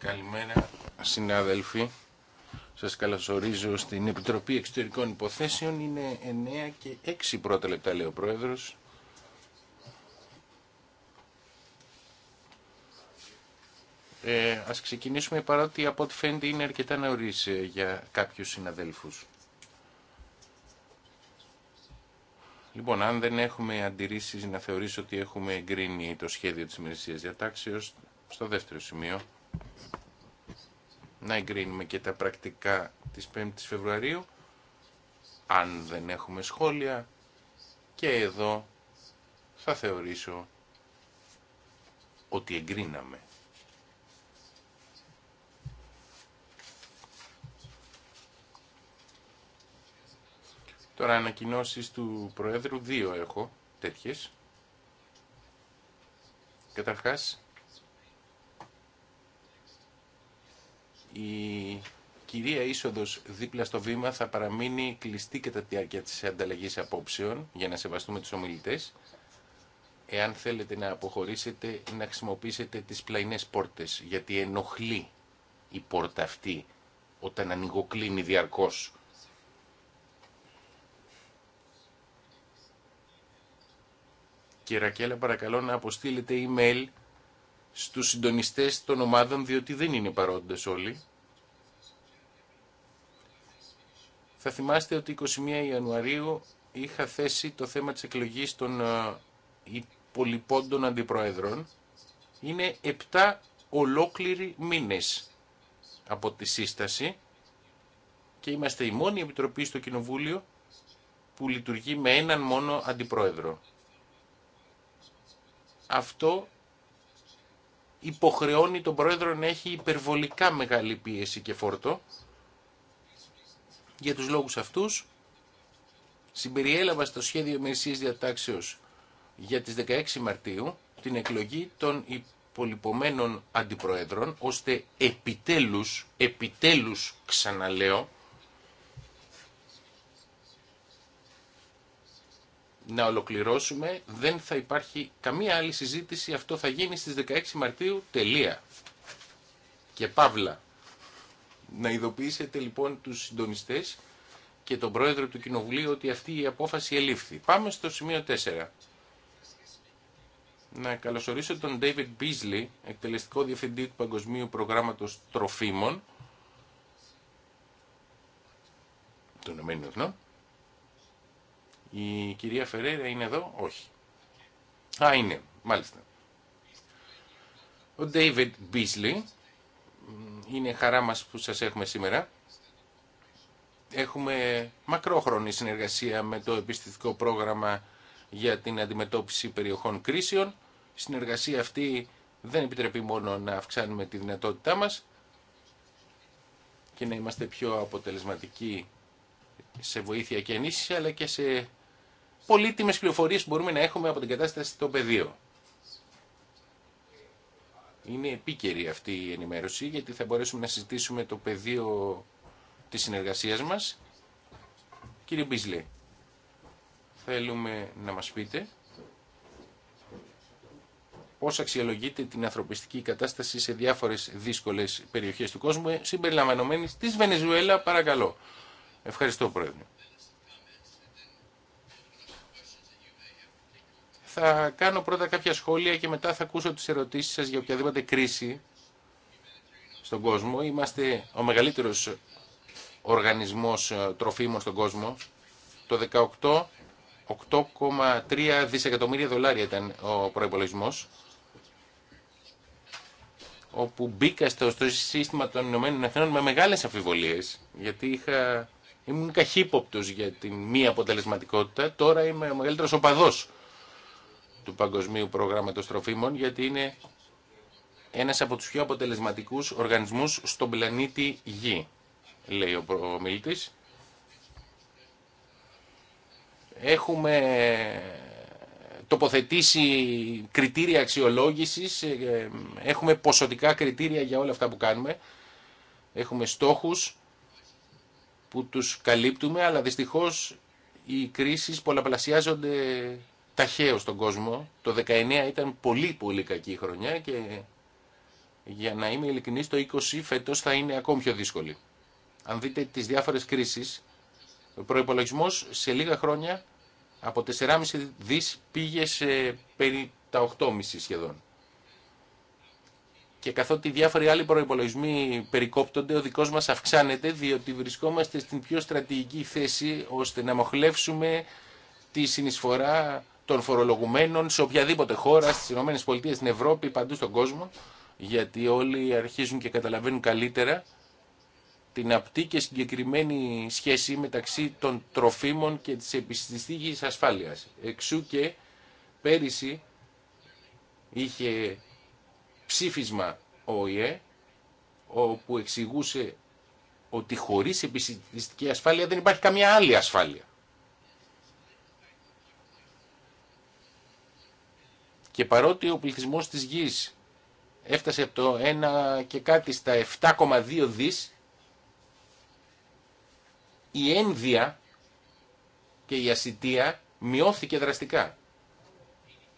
Καλημέρα συνάδελφοι. Σας καλωσορίζω στην Επιτροπή Εξωτερικών Υποθέσεων. Είναι 9 και 6 πρώτα λεπτά λέει ο Πρόεδρος. Ε, ας ξεκινήσουμε παρότι από ό,τι φαίνεται είναι αρκετά νωρίς ε, για κάποιους συναδέλφους. Λοιπόν, αν δεν έχουμε αντιρρήσει να θεωρήσω ότι έχουμε εγκρίνει το σχέδιο της ημερησίας διατάξεως, στο δεύτερο σημείο, να εγκρίνουμε και τα πρακτικά της 5ης Φεβρουαρίου, αν δεν έχουμε σχόλια, και εδώ θα θεωρήσω ότι εγκρίναμε Τώρα ανακοινώσεις του Προέδρου, δύο έχω τέτοιες. Καταρχάς, η κυρία Ίσοδος δίπλα στο βήμα θα παραμείνει κλειστή κατά τη διάρκεια της ανταλλαγής απόψεων για να σεβαστούμε τους ομιλητές. Εάν θέλετε να αποχωρήσετε, να χρησιμοποιήσετε τις πλαϊνές πόρτες, γιατί ενοχλεί η πόρτα αυτή όταν ανοιγοκλίνει διαρκώς. ρακέλα παρακαλώ να αποστείλετε email στους συντονιστές των ομάδων διότι δεν είναι παρόντες όλοι. Θα θυμάστε ότι 21 Ιανουαρίου είχα θέσει το θέμα της εκλογής των ε, των αντιπροέδρων. Είναι 7 ολόκληροι μήνες από τη σύσταση και είμαστε η μόνη επιτροπή στο Κοινοβούλιο που λειτουργεί με έναν μόνο αντιπρόεδρο αυτό υποχρεώνει τον πρόεδρο να έχει υπερβολικά μεγάλη πίεση και φόρτο. Για τους λόγους αυτούς, συμπεριέλαβα στο σχέδιο μερισίες διατάξεως για τις 16 Μαρτίου την εκλογή των υπολοιπωμένων αντιπροέδρων, ώστε επιτέλους, επιτέλους ξαναλέω, να ολοκληρώσουμε. Δεν θα υπάρχει καμία άλλη συζήτηση. Αυτό θα γίνει στις 16 Μαρτίου. Τελεία. Και παύλα. Να ειδοποιήσετε λοιπόν τους συντονιστές και τον πρόεδρο του Κοινοβουλίου ότι αυτή η απόφαση ελήφθη. Πάμε στο σημείο 4. Να καλωσορίσω τον David Beasley, εκτελεστικό διευθυντή του Παγκοσμίου Προγράμματος Τροφίμων των Ηνωμένων η κυρία Φερέρα είναι εδώ, όχι. Α, είναι, μάλιστα. Ο David Beasley, είναι χαρά μας που σας έχουμε σήμερα. Έχουμε μακρόχρονη συνεργασία με το επιστημικό πρόγραμμα για την αντιμετώπιση περιοχών κρίσεων. Η συνεργασία αυτή δεν επιτρέπει μόνο να αυξάνουμε τη δυνατότητά μας και να είμαστε πιο αποτελεσματικοί σε βοήθεια και ενίσχυση, αλλά και σε πολύτιμες πληροφορίες μπορούμε να έχουμε από την κατάσταση στο πεδίο. Είναι επίκαιρη αυτή η ενημέρωση γιατί θα μπορέσουμε να συζητήσουμε το πεδίο της συνεργασίας μας. Κύριε Μπίσλε, θέλουμε να μας πείτε πώς αξιολογείται την ανθρωπιστική κατάσταση σε διάφορες δύσκολες περιοχές του κόσμου, συμπεριλαμβανομένης της Βενεζουέλα, παρακαλώ. Ευχαριστώ, Πρόεδρε. Θα κάνω πρώτα κάποια σχόλια και μετά θα ακούσω τις ερωτήσεις σας για οποιαδήποτε κρίση στον κόσμο. Είμαστε ο μεγαλύτερος οργανισμός ε, τροφίμων στον κόσμο. Το 18, 8,3 δισεκατομμύρια δολάρια ήταν ο προϋπολογισμός όπου μπήκα στο, στο σύστημα των Ηνωμένων Εθνών με μεγάλες αφιβολίες, γιατί είχα, ήμουν καχύποπτος για την μη αποτελεσματικότητα, τώρα είμαι ο μεγαλύτερος οπαδός του Παγκοσμίου Προγράμματος Τροφίμων, γιατί είναι ένας από τους πιο αποτελεσματικούς οργανισμούς στον πλανήτη Γη, λέει ο ομιλητής. Έχουμε τοποθετήσει κριτήρια αξιολόγησης, ε, ε, έχουμε ποσοτικά κριτήρια για όλα αυτά που κάνουμε, έχουμε στόχους που τους καλύπτουμε, αλλά δυστυχώς οι κρίσεις πολλαπλασιάζονται ταχαίως στον κόσμο. Το 19 ήταν πολύ πολύ κακή χρονιά και για να είμαι ειλικρινής το 20 φέτος θα είναι ακόμη πιο δύσκολη. Αν δείτε τις διάφορες κρίσεις, ο προϋπολογισμός σε λίγα χρόνια από 4,5 δις πήγε σε περί τα 8,5 σχεδόν. Και καθότι διάφοροι άλλοι προϋπολογισμοί περικόπτονται, ο δικός μας αυξάνεται, διότι βρισκόμαστε στην πιο στρατηγική θέση ώστε να μοχλεύσουμε τη συνεισφορά των φορολογουμένων σε οποιαδήποτε χώρα, στις ΗΠΑ, στην Ευρώπη, παντού στον κόσμο, γιατί όλοι αρχίζουν και καταλαβαίνουν καλύτερα την απτή και συγκεκριμένη σχέση μεταξύ των τροφίμων και της επιστηστικής ασφάλειας. Εξού και πέρυσι είχε ψήφισμα ο ΙΕ, όπου εξηγούσε ότι χωρίς επιστηστική ασφάλεια δεν υπάρχει καμία άλλη ασφάλεια. Και παρότι ο πληθυσμός της γης έφτασε από το 1 και κάτι στα 7,2 δις, η ένδια και η ασυτεία μειώθηκε δραστικά.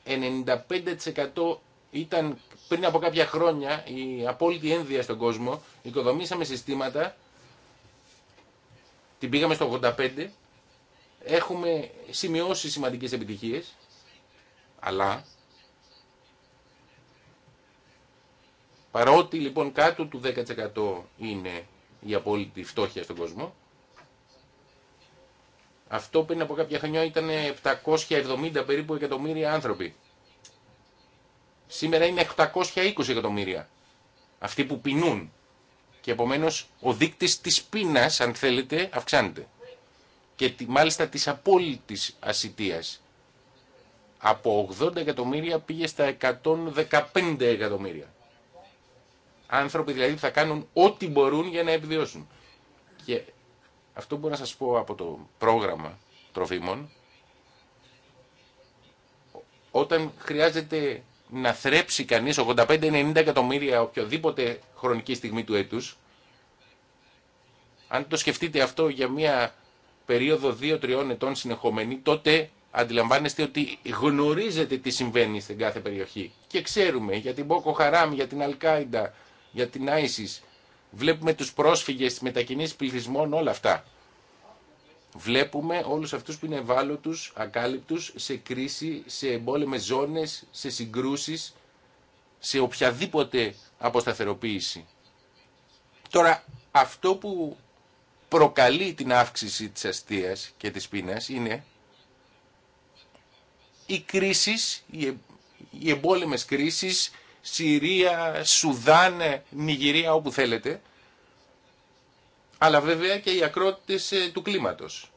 95% ήταν πριν από κάποια χρόνια η απόλυτη ένδυα στον κόσμο, οικοδομήσαμε συστήματα, την πήγαμε στο 85, έχουμε σημειώσει σημαντικές επιτυχίες, αλλά Παρότι λοιπόν κάτω του 10% είναι η απόλυτη φτώχεια στον κόσμο, αυτό πριν από κάποια χρονιά ήταν 770 περίπου εκατομμύρια άνθρωποι. Σήμερα είναι 820 εκατομμύρια αυτοί που πεινούν. Και επομένω, ο δείκτης της πείνας, αν θέλετε, αυξάνεται. Και μάλιστα της απόλυτης ασυτείας. Από 80 εκατομμύρια πήγε στα 115 εκατομμύρια. Άνθρωποι δηλαδή που θα κάνουν ό,τι μπορούν για να επιβιώσουν. Και αυτό μπορώ να σας πω από το πρόγραμμα τροφίμων, όταν χρειάζεται να θρέψει κανείς 85-90 εκατομμύρια οποιοδήποτε χρονική στιγμή του έτους, αν το σκεφτείτε αυτό για μια περίοδο 2-3 ετών συνεχομένη, τότε αντιλαμβάνεστε ότι γνωρίζετε τι συμβαίνει στην κάθε περιοχή. Και ξέρουμε για την Μπόκο Χαράμ, για την Αλκάιντα, για την ISIS. Βλέπουμε τους πρόσφυγες, τις μετακινήσεις πληθυσμών, όλα αυτά. Βλέπουμε όλους αυτούς που είναι ευάλωτους, ακάλυπτους, σε κρίση, σε εμπόλεμες ζώνες, σε συγκρούσεις, σε οποιαδήποτε αποσταθεροποίηση. Τώρα, αυτό που προκαλεί την αύξηση της αστείας και της πείνας είναι οι κρίσεις, οι ε, εμπόλεμες κρίσεις, Συρία, Σουδάν, Νιγηρία, όπου θέλετε. Αλλά βέβαια και οι ακρότητες ε, του κλίματος.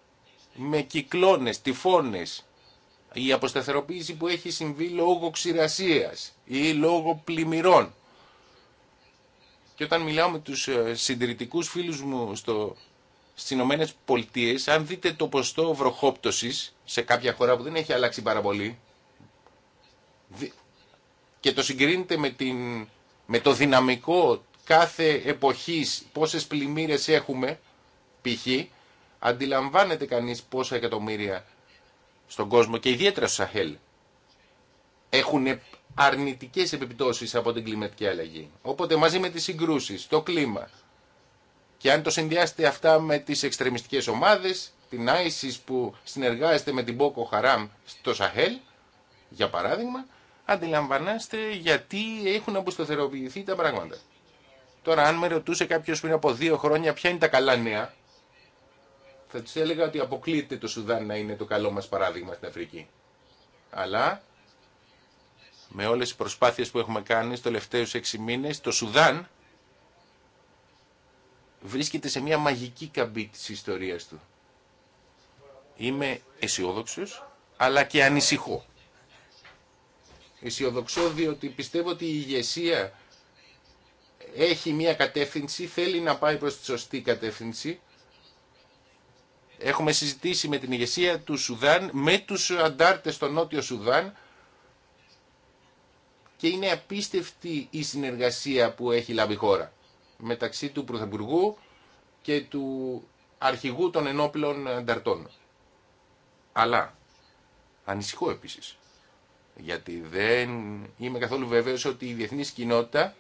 Με κυκλώνες, τυφώνες, η αποσταθεροποίηση που έχει συμβεί λόγω ξηρασίας ή λόγω πλημμυρών. Και όταν μιλάω με τους ε, συντηρητικούς φίλους μου στο, στις Ηνωμένε Πολιτείε, αν δείτε το ποστό βροχόπτωσης σε κάποια χώρα που δεν έχει αλλάξει πάρα πολύ, και το συγκρίνετε με, την, με το δυναμικό κάθε εποχής πόσες πλημμύρες έχουμε π.χ. αντιλαμβάνεται κανείς πόσα εκατομμύρια στον κόσμο και ιδιαίτερα στο Σαχέλ έχουν αρνητικές επιπτώσεις από την κλιματική αλλαγή. Οπότε μαζί με τις συγκρούσεις, το κλίμα και αν το συνδυάσετε αυτά με τις εξτρεμιστικές ομάδες, την ISIS που συνεργάζεται με την Boko Haram στο Σαχέλ, για παράδειγμα, αντιλαμβανάστε γιατί έχουν αποσταθεροποιηθεί τα πράγματα. Τώρα, αν με ρωτούσε κάποιο πριν από δύο χρόνια ποια είναι τα καλά νέα, θα του έλεγα ότι αποκλείεται το Σουδάν να είναι το καλό μα παράδειγμα στην Αφρική. Αλλά με όλε τι προσπάθειε που έχουμε κάνει στου τελευταίου έξι μήνε, το Σουδάν βρίσκεται σε μια μαγική καμπή της ιστορίας του. Είμαι αισιόδοξο, αλλά και ανησυχώ αισιοδοξώ διότι πιστεύω ότι η ηγεσία έχει μια κατεύθυνση, θέλει να πάει προς τη σωστή κατεύθυνση. Έχουμε συζητήσει με την ηγεσία του Σουδάν, με τους αντάρτες στο Νότιο Σουδάν και είναι απίστευτη η συνεργασία που έχει λάβει η χώρα μεταξύ του Πρωθυπουργού και του αρχηγού των ενόπλων ανταρτών. Αλλά ανησυχώ επίσης γιατί δεν είμαι καθόλου βέβαιος ότι η διεθνή κοινότητα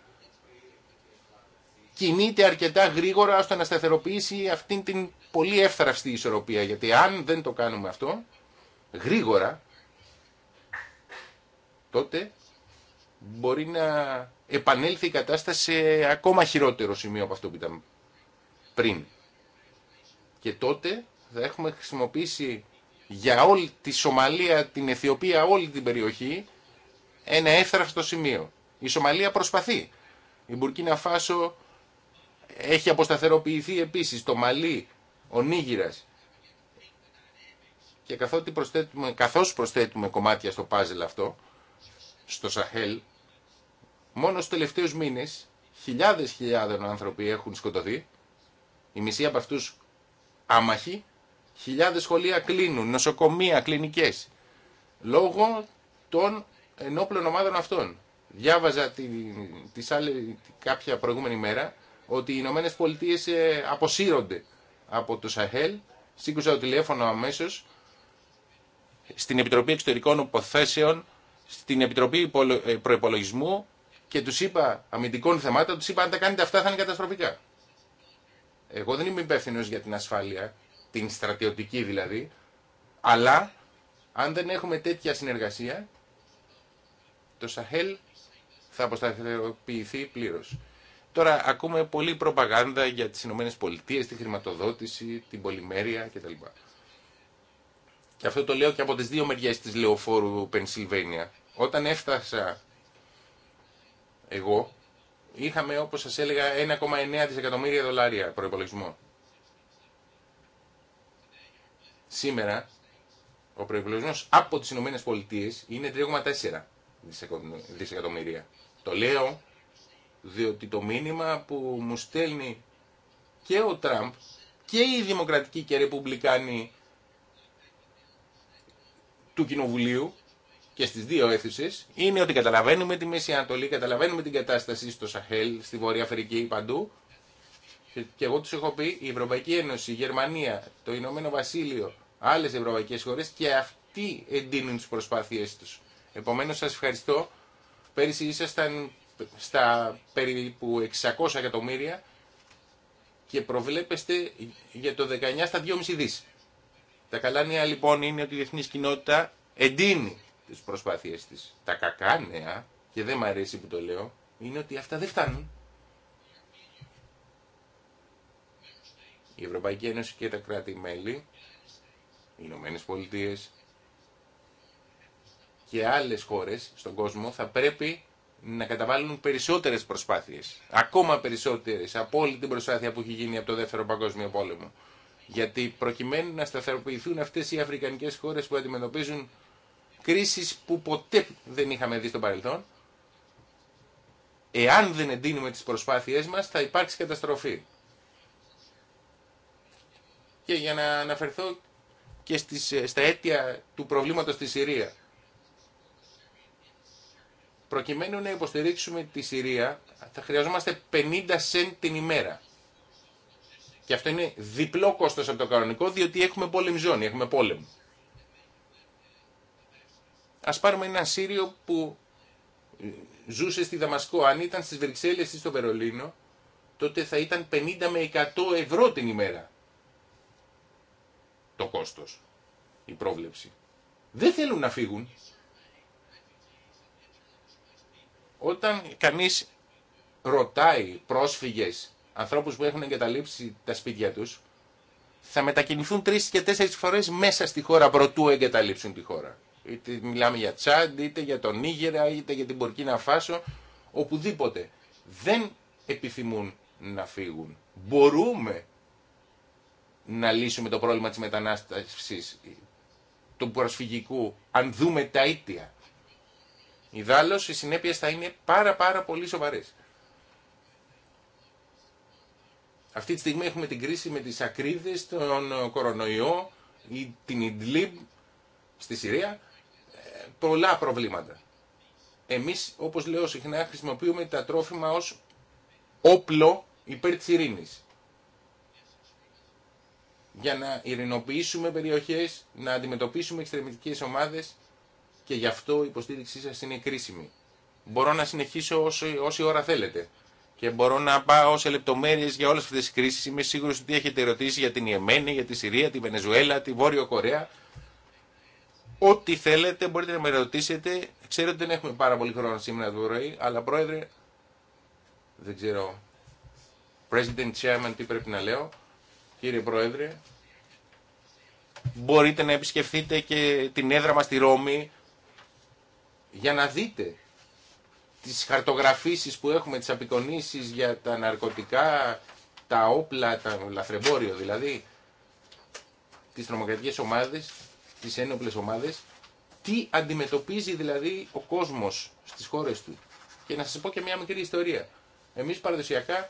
κινείται αρκετά γρήγορα ώστε να σταθεροποιήσει αυτήν την πολύ εύθραυστη ισορροπία. Γιατί αν δεν το κάνουμε αυτό, γρήγορα, τότε μπορεί να επανέλθει η κατάσταση σε ακόμα χειρότερο σημείο από αυτό που ήταν πριν. Και τότε θα έχουμε χρησιμοποιήσει για όλη τη Σομαλία, την Αιθιοπία, όλη την περιοχή ένα στο σημείο. Η Σομαλία προσπαθεί. Η Μπουρκίνα Φάσο έχει αποσταθεροποιηθεί επίσης. Το Μαλί, ο Νίγηρας. Και καθότι προσθέτουμε, καθώς προσθέτουμε κομμάτια στο πάζελ αυτό, στο Σαχέλ, μόνο στους τελευταίους μήνες χιλιάδες χιλιάδων άνθρωποι έχουν σκοτωθεί. Η μισή από αυτούς άμαχοι Χιλιάδες σχολεία κλείνουν, νοσοκομεία, κλινικές, λόγω των ενόπλων ομάδων αυτών. Διάβαζα τη, τις άλλη, κάποια προηγούμενη μέρα ότι οι Ηνωμένε Πολιτείε ε, αποσύρονται από το Σαχέλ. Σήκουσα το τηλέφωνο αμέσω στην Επιτροπή Εξωτερικών Υποθέσεων, στην Επιτροπή ε, Προπολογισμού και του είπα αμυντικών θεμάτων, του είπα αν τα κάνετε αυτά θα είναι καταστροφικά. Εγώ δεν είμαι υπεύθυνο για την ασφάλεια την στρατιωτική δηλαδή, αλλά αν δεν έχουμε τέτοια συνεργασία, το Σαχέλ θα αποσταθεροποιηθεί πλήρως. Τώρα ακούμε πολλή προπαγάνδα για τις Ηνωμένες Πολιτείες, τη χρηματοδότηση, την πολυμέρεια κτλ. Και αυτό το λέω και από τις δύο μεριές της λεωφόρου Πενσιλβένια. Όταν έφτασα εγώ, είχαμε όπως σας έλεγα 1,9 δισεκατομμύρια δολάρια προϋπολογισμό. Σήμερα ο προπολογισμό από τις ΗΠΑ είναι 3,4 δισεκατομμύρια. Το λέω διότι το μήνυμα που μου στέλνει και ο Τραμπ και οι Δημοκρατικοί και Ρεπουμπλικάνοι του Κοινοβουλίου και στις δύο αίθουσες είναι ότι καταλαβαίνουμε τη Μέση Ανατολή, καταλαβαίνουμε την κατάσταση στο Σαχέλ, στη Βόρεια Αφρική, παντού ε, και εγώ του έχω πει, η Ευρωπαϊκή Ένωση, η Γερμανία, το Ηνωμένο Βασίλειο, άλλες ευρωπαϊκέ χώρες και αυτοί εντείνουν τι προσπάθειές τους. Επομένως σας ευχαριστώ. Πέρυσι ήσασταν στα περίπου 600 εκατομμύρια και προβλέπεστε για το 19 στα 2,5 δις. Τα καλά νέα λοιπόν είναι ότι η διεθνή κοινότητα εντείνει τις προσπάθειές της. Τα κακά νέα, και δεν μου αρέσει που το λέω, είναι ότι αυτά δεν φτάνουν. Η Ευρωπαϊκή Ένωση και τα κράτη-μέλη, οι Ηνωμένε Πολιτείε και άλλες χώρες στον κόσμο θα πρέπει να καταβάλουν περισσότερες προσπάθειες, ακόμα περισσότερες από όλη την προσπάθεια που έχει γίνει από το Δεύτερο Παγκόσμιο Πόλεμο. Γιατί προκειμένου να σταθεροποιηθούν αυτές οι αφρικανικές χώρες που αντιμετωπίζουν κρίσεις που ποτέ δεν είχαμε δει στο παρελθόν, εάν δεν εντείνουμε τις προσπάθειές μας θα υπάρξει καταστροφή και για να αναφερθώ και στις, ε, στα αίτια του προβλήματος στη Συρία. Προκειμένου να υποστηρίξουμε τη Συρία θα χρειαζόμαστε 50 σεν την ημέρα. Και αυτό είναι διπλό κόστος από το κανονικό διότι έχουμε πόλεμη ζώνη, έχουμε πόλεμο. Ας πάρουμε ένα Σύριο που ε, ζούσε στη Δαμασκό, αν ήταν στις Βρυξέλλες ή στο Βερολίνο, τότε θα ήταν 50 με 100 ευρώ την ημέρα το κόστος, η πρόβλεψη. Δεν θέλουν να φύγουν. Όταν κανείς ρωτάει πρόσφυγες, ανθρώπους που έχουν εγκαταλείψει τα σπίτια τους, θα μετακινηθούν τρεις και τέσσερις φορές μέσα στη χώρα προτού εγκαταλείψουν τη χώρα. Είτε μιλάμε για Τσάντ, είτε για τον Νίγερα, είτε για την Πορκίνα Φάσο, οπουδήποτε. Δεν επιθυμούν να φύγουν. Μπορούμε να λύσουμε το πρόβλημα της μετανάστευσης, του προσφυγικού, αν δούμε τα η Ιδάλλως οι συνέπειες θα είναι πάρα πάρα πολύ σοβαρές. Αυτή τη στιγμή έχουμε την κρίση με τις ακρίδες, τον κορονοϊό ή την Ιντλίμ, στη Συρία. Ε, πολλά προβλήματα. Εμείς, όπως λέω συχνά, χρησιμοποιούμε τα τρόφιμα ως όπλο υπέρ της ειρήνης για να ειρηνοποιήσουμε περιοχές, να αντιμετωπίσουμε εξτρεμιστικές ομάδες και γι' αυτό η υποστήριξή σας είναι κρίσιμη. Μπορώ να συνεχίσω όση, όση ώρα θέλετε και μπορώ να πάω σε λεπτομέρειες για όλες αυτές τις κρίσεις. Είμαι σίγουρος ότι έχετε ερωτήσει για την Ιεμένη, για τη Συρία, τη Βενεζουέλα, τη Βόρειο Κορέα. Ό,τι θέλετε μπορείτε να με ρωτήσετε. Ξέρω ότι δεν έχουμε πάρα πολύ χρόνο σήμερα το πρωί, αλλά πρόεδρε, δεν ξέρω, President Chairman τι πρέπει να λέω κύριε Πρόεδρε. Μπορείτε να επισκεφθείτε και την έδρα μας στη Ρώμη για να δείτε τις χαρτογραφίσεις που έχουμε, τις απεικονίσεις για τα ναρκωτικά, τα όπλα, τα λαθρεμπόριο δηλαδή, τις τρομοκρατικές ομάδες, τις ένοπλες ομάδες, τι αντιμετωπίζει δηλαδή ο κόσμος στις χώρες του. Και να σας πω και μια μικρή ιστορία. Εμείς παραδοσιακά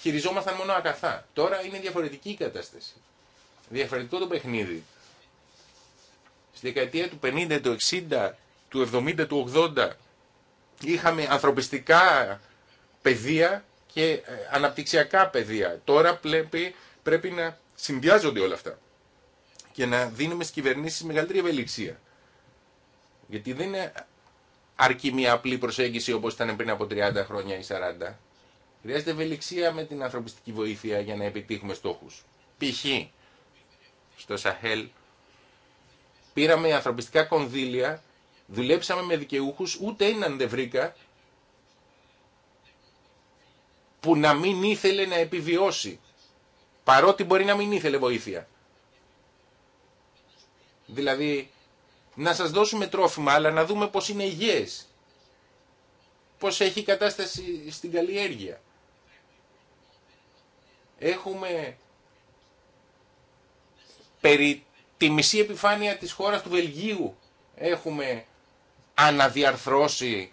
χειριζόμασταν μόνο αγαθά. Τώρα είναι διαφορετική η κατάσταση. Διαφορετικό το παιχνίδι. Στη δεκαετία του 50, του 60, του 70, του 80 είχαμε ανθρωπιστικά παιδεία και ε, αναπτυξιακά παιδεία. Τώρα πρέπει, πρέπει να συνδυάζονται όλα αυτά και να δίνουμε στις κυβερνήσεις μεγαλύτερη ευελιξία. Γιατί δεν είναι αρκεί μια απλή προσέγγιση όπως ήταν πριν από 30 χρόνια ή 40. Χρειάζεται ευελιξία με την ανθρωπιστική βοήθεια για να επιτύχουμε στόχους. Π.χ. στο Σαχέλ πήραμε ανθρωπιστικά κονδύλια, δουλέψαμε με δικαιούχου ούτε έναν δεν βρήκα που να μην ήθελε να επιβιώσει. Παρότι μπορεί να μην ήθελε βοήθεια. Δηλαδή, να σας δώσουμε τρόφιμα, αλλά να δούμε πώς είναι υγιές. Πώς έχει η κατάσταση στην καλλιέργεια έχουμε περί τη μισή επιφάνεια της χώρας του Βελγίου έχουμε αναδιαρθρώσει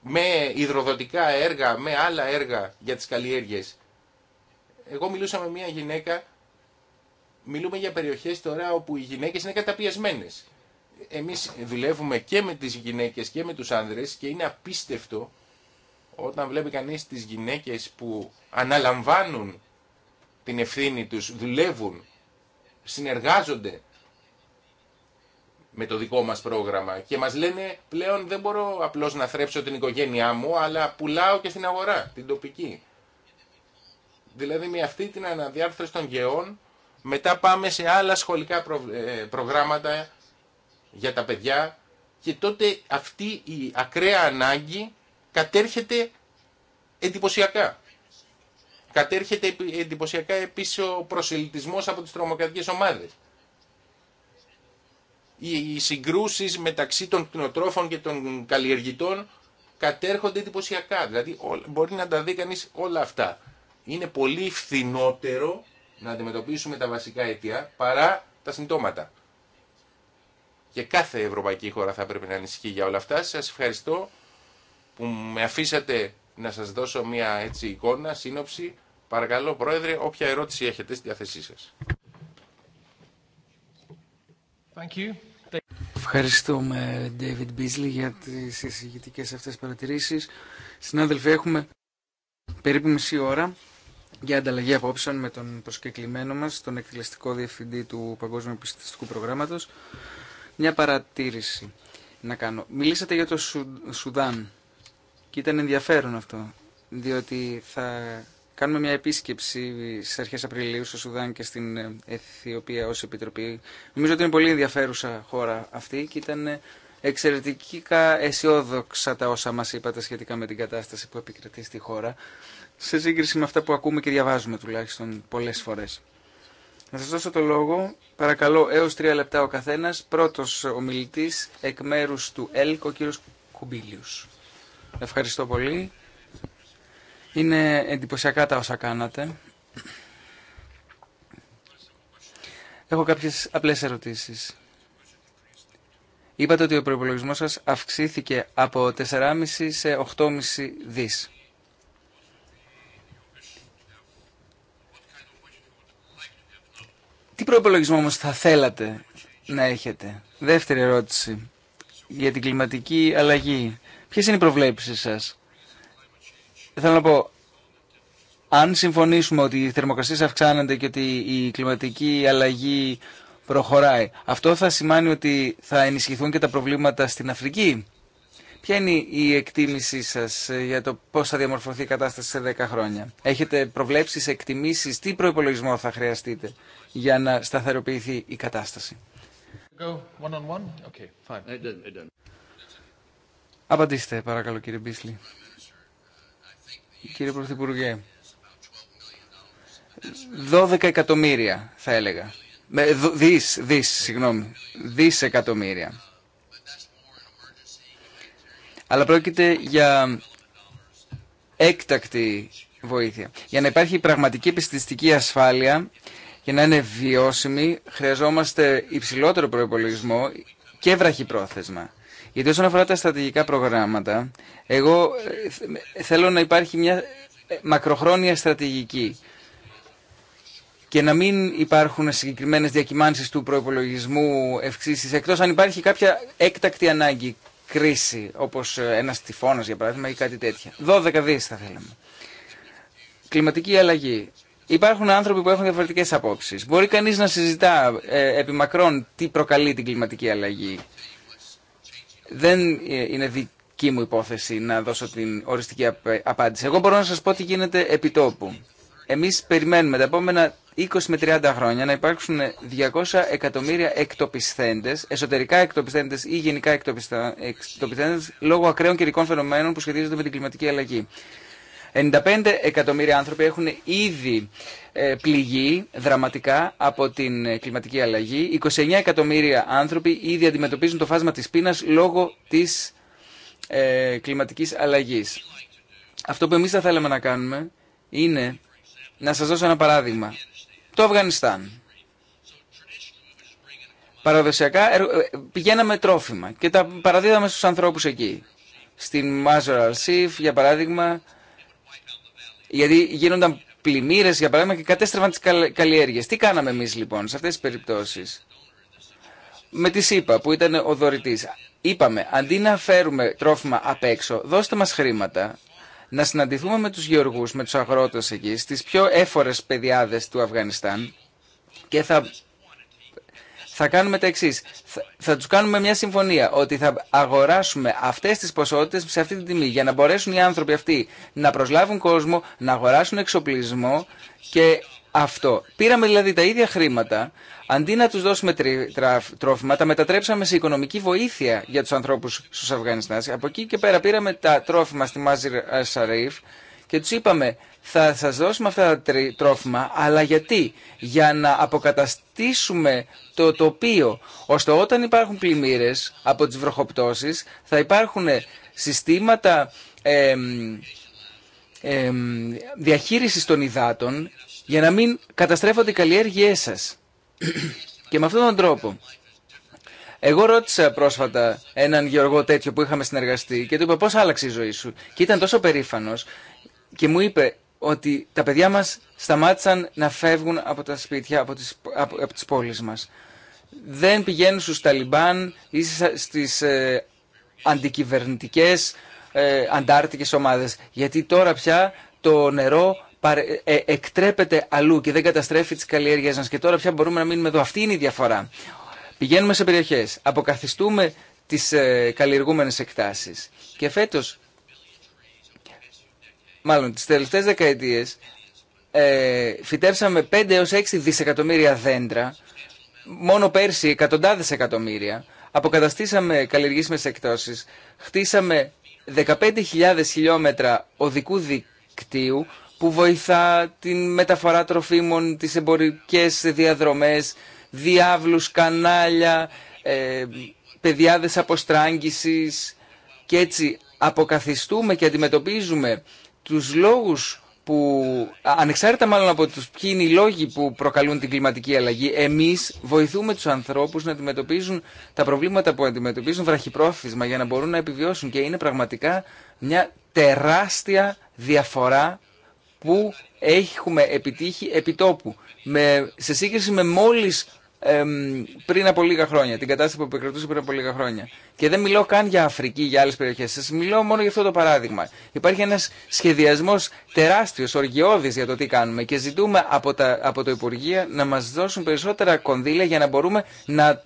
με υδροδοτικά έργα, με άλλα έργα για τις καλλιέργειες. Εγώ μιλούσα με μια γυναίκα, μιλούμε για περιοχές τώρα όπου οι γυναίκες είναι καταπιασμένες. Εμείς δουλεύουμε και με τις γυναίκες και με τους άνδρες και είναι απίστευτο όταν βλέπει κανείς τις γυναίκες που αναλαμβάνουν την ευθύνη τους, δουλεύουν, συνεργάζονται με το δικό μας πρόγραμμα και μας λένε πλέον δεν μπορώ απλώς να θρέψω την οικογένειά μου αλλά πουλάω και στην αγορά, την τοπική. Δηλαδή με αυτή την αναδιάρθρωση των γεών μετά πάμε σε άλλα σχολικά ε, προγράμματα για τα παιδιά και τότε αυτή η ακραία ανάγκη κατέρχεται εντυπωσιακά. Κατέρχεται εντυπωσιακά επίσης ο προσελητισμός από τις τρομοκρατικές ομάδες. Οι συγκρούσεις μεταξύ των κτηνοτρόφων και των καλλιεργητών κατέρχονται εντυπωσιακά. Δηλαδή μπορεί να τα δει κανείς όλα αυτά. Είναι πολύ φθηνότερο να αντιμετωπίσουμε τα βασικά αιτία παρά τα συμπτώματα. Και κάθε ευρωπαϊκή χώρα θα πρέπει να ανησυχεί για όλα αυτά. Σας ευχαριστώ που με αφήσατε να σας δώσω μια έτσι εικόνα, σύνοψη. Παρακαλώ Πρόεδρε, όποια ερώτηση έχετε στη διάθεσή σας. Thank you. Ευχαριστούμε David Beasley για τις εισηγητικές αυτές παρατηρήσεις. Συνάδελφοι, έχουμε περίπου μισή ώρα για ανταλλαγή απόψεων με τον προσκεκλημένο μας, τον εκτελεστικό διευθυντή του Παγκόσμιου Πιστιστικού Προγράμματος. Μια παρατήρηση να κάνω. Μιλήσατε για το Σουδάν και ήταν ενδιαφέρον αυτό, διότι θα κάνουμε μια επίσκεψη στις αρχές Απριλίου στο Σουδάν και στην ε, Αιθιοπία ως Επιτροπή. Νομίζω ότι είναι πολύ ενδιαφέρουσα χώρα αυτή και ήταν εξαιρετικά αισιόδοξα τα όσα μας είπατε σχετικά με την κατάσταση που επικρατεί στη χώρα, σε σύγκριση με αυτά που ακούμε και διαβάζουμε τουλάχιστον πολλές φορές. Να σας δώσω το λόγο, παρακαλώ έως τρία λεπτά ο καθένας, πρώτος ομιλητή εκ μέρους του ΕΛΚ, ο κύριο Κουμπίλιου. Ευχαριστώ πολύ. Είναι εντυπωσιακά τα όσα κάνατε. Έχω κάποιες απλές ερωτήσεις. Είπατε ότι ο προπολογισμό σας αυξήθηκε από 4,5 σε 8,5 δις. Τι προπολογισμό όμως θα θέλατε να έχετε. Δεύτερη ερώτηση για την κλιματική αλλαγή. Ποιε είναι οι προβλέψεις σας. Θέλω να πω, αν συμφωνήσουμε ότι οι θερμοκρασίε αυξάνονται και ότι η κλιματική αλλαγή προχωράει, αυτό θα σημαίνει ότι θα ενισχυθούν και τα προβλήματα στην Αφρική. Ποια είναι η εκτίμησή σας για το πώς θα διαμορφωθεί η κατάσταση σε 10 χρόνια. Έχετε προβλέψεις, εκτιμήσει, τι προπολογισμό θα χρειαστείτε για να σταθεροποιηθεί η κατάσταση. Go one on one? Okay, fine. Απαντήστε παρακαλώ κύριε Μπίσλη. Κύριε Πρωθυπουργέ, 12 εκατομμύρια θα έλεγα. Με, δις, δις, συγγνώμη. Δις εκατομμύρια. Αλλά πρόκειται για έκτακτη βοήθεια. Για να υπάρχει πραγματική επιστηστική ασφάλεια, για να είναι βιώσιμη, χρειαζόμαστε υψηλότερο προϋπολογισμό και βραχυπρόθεσμα. Γιατί όσον αφορά τα στρατηγικά προγράμματα, εγώ ε, θέλω να υπάρχει μια ε, μακροχρόνια στρατηγική και να μην υπάρχουν συγκεκριμένες διακυμάνσεις του προϋπολογισμού ευξήσεις, εκτός αν υπάρχει κάποια έκτακτη ανάγκη, κρίση, όπως ε, ένας τυφώνας για παράδειγμα ή κάτι τέτοια. 12 δις θα θέλαμε. Κλιματική αλλαγή. Υπάρχουν άνθρωποι που έχουν διαφορετικές απόψεις. Μπορεί κανείς να συζητά ε, επί μακρόν τι προκαλεί την κλιματική αλλαγή δεν είναι δική μου υπόθεση να δώσω την οριστική απάντηση. Εγώ μπορώ να σας πω τι γίνεται επί τόπου. Εμείς περιμένουμε τα επόμενα 20 με 30 χρόνια να υπάρξουν 200 εκατομμύρια εκτοπισθέντες, εσωτερικά εκτοπισθέντες ή γενικά εκτοπισθέντες, λόγω ακραίων καιρικών φαινομένων που σχετίζονται με την κλιματική αλλαγή. 95 εκατομμύρια άνθρωποι έχουν ήδη ε, πληγεί δραματικά από την ε, κλιματική αλλαγή. 29 εκατομμύρια άνθρωποι ήδη αντιμετωπίζουν το φάσμα της πείνας λόγω της ε, κλιματικής αλλαγής. Αυτό που εμείς θα θέλαμε να κάνουμε είναι να σας δώσω ένα παράδειγμα. Το Αφγανιστάν. Παραδοσιακά ε, πηγαίναμε τρόφιμα και τα παραδίδαμε στους ανθρώπους εκεί. Στην Μάζορα Αλσίφ, για παράδειγμα, γιατί γίνονταν πλημμύρε, για παράδειγμα, και κατέστρεφαν τι καλλιέργειε. Τι κάναμε εμεί λοιπόν σε αυτέ τι περιπτώσει. Με τη ΣΥΠΑ που ήταν ο δωρητή. Είπαμε, αντί να φέρουμε τρόφιμα απ' έξω, δώστε μα χρήματα να συναντηθούμε με του γεωργού, με του αγρότε εκεί, στι πιο έφορε πεδιάδε του Αφγανιστάν και θα θα κάνουμε τα εξή. Θα του κάνουμε μια συμφωνία ότι θα αγοράσουμε αυτέ τι ποσότητε σε αυτή την τιμή για να μπορέσουν οι άνθρωποι αυτοί να προσλάβουν κόσμο, να αγοράσουν εξοπλισμό και αυτό. Πήραμε δηλαδή τα ίδια χρήματα, αντί να του δώσουμε τρόφιμα, τα μετατρέψαμε σε οικονομική βοήθεια για του ανθρώπου στους Αφγανιστάν. Από εκεί και πέρα πήραμε τα τρόφιμα στη Μάζιρ Σαρίφ και του είπαμε θα σας δώσουμε αυτά τα τρόφιμα, αλλά γιατί, για να αποκαταστήσουμε το τοπίο, ώστε όταν υπάρχουν πλημμύρες από τις βροχοπτώσεις θα υπάρχουν συστήματα ε, διαχείρισης των υδάτων για να μην καταστρέφονται οι καλλιέργειές σας. Και με αυτόν τον τρόπο. Εγώ ρώτησα πρόσφατα έναν γεωργό τέτοιο που είχαμε συνεργαστεί και του είπα πώς άλλαξε η ζωή σου. Και ήταν τόσο περήφανος και μου είπε ότι τα παιδιά μας σταμάτησαν να φεύγουν από τα σπίτια, από τις, από, από τις πόλεις μας. Δεν πηγαίνουν στους Ταλιμπάν ή στις ε, αντικυβερνητικές ε, αντάρτικες ομάδες. Γιατί τώρα πια το νερό ε, εκτρέπεται αλλού και δεν καταστρέφει τις καλλιέργειες μας και τώρα πια μπορούμε να μείνουμε εδώ. Αυτή είναι η διαφορά. Πηγαίνουμε σε περιοχές, αποκαθιστούμε τις ε, καλλιεργούμενες εκτάσεις και φέτος μάλλον τις τελευταίες δεκαετίες ε, φυτέψαμε 5 έως 6 δισεκατομμύρια δέντρα, μόνο πέρσι εκατοντάδες εκατομμύρια, αποκαταστήσαμε καλλιεργήσιμες εκτόσεις, χτίσαμε 15.000 χιλιόμετρα οδικού δικτύου που βοηθά την μεταφορά τροφίμων, τις εμπορικές διαδρομές, διάβλους, κανάλια, ε, παιδιάδες αποστράγγισης και έτσι αποκαθιστούμε και αντιμετωπίζουμε τους λόγους που ανεξάρτητα μάλλον από τους ποιοι είναι οι λόγοι που προκαλούν την κλιματική αλλαγή, εμείς βοηθούμε τους ανθρώπους να αντιμετωπίζουν τα προβλήματα που αντιμετωπίζουν βραχυπρόθεσμα για να μπορούν να επιβιώσουν και είναι πραγματικά μια τεράστια διαφορά που έχουμε επιτύχει επιτόπου. Με, σε σύγκριση με μόλις πριν από λίγα χρόνια, την κατάσταση που επικρατούσε πριν από λίγα χρόνια. Και δεν μιλώ καν για Αφρική, για άλλε περιοχέ. Σα μιλώ μόνο για αυτό το παράδειγμα. Υπάρχει ένα σχεδιασμό τεράστιο, οργιώδη για το τι κάνουμε και ζητούμε από, τα, από το Υπουργείο να μα δώσουν περισσότερα κονδύλια για να μπορούμε να ε,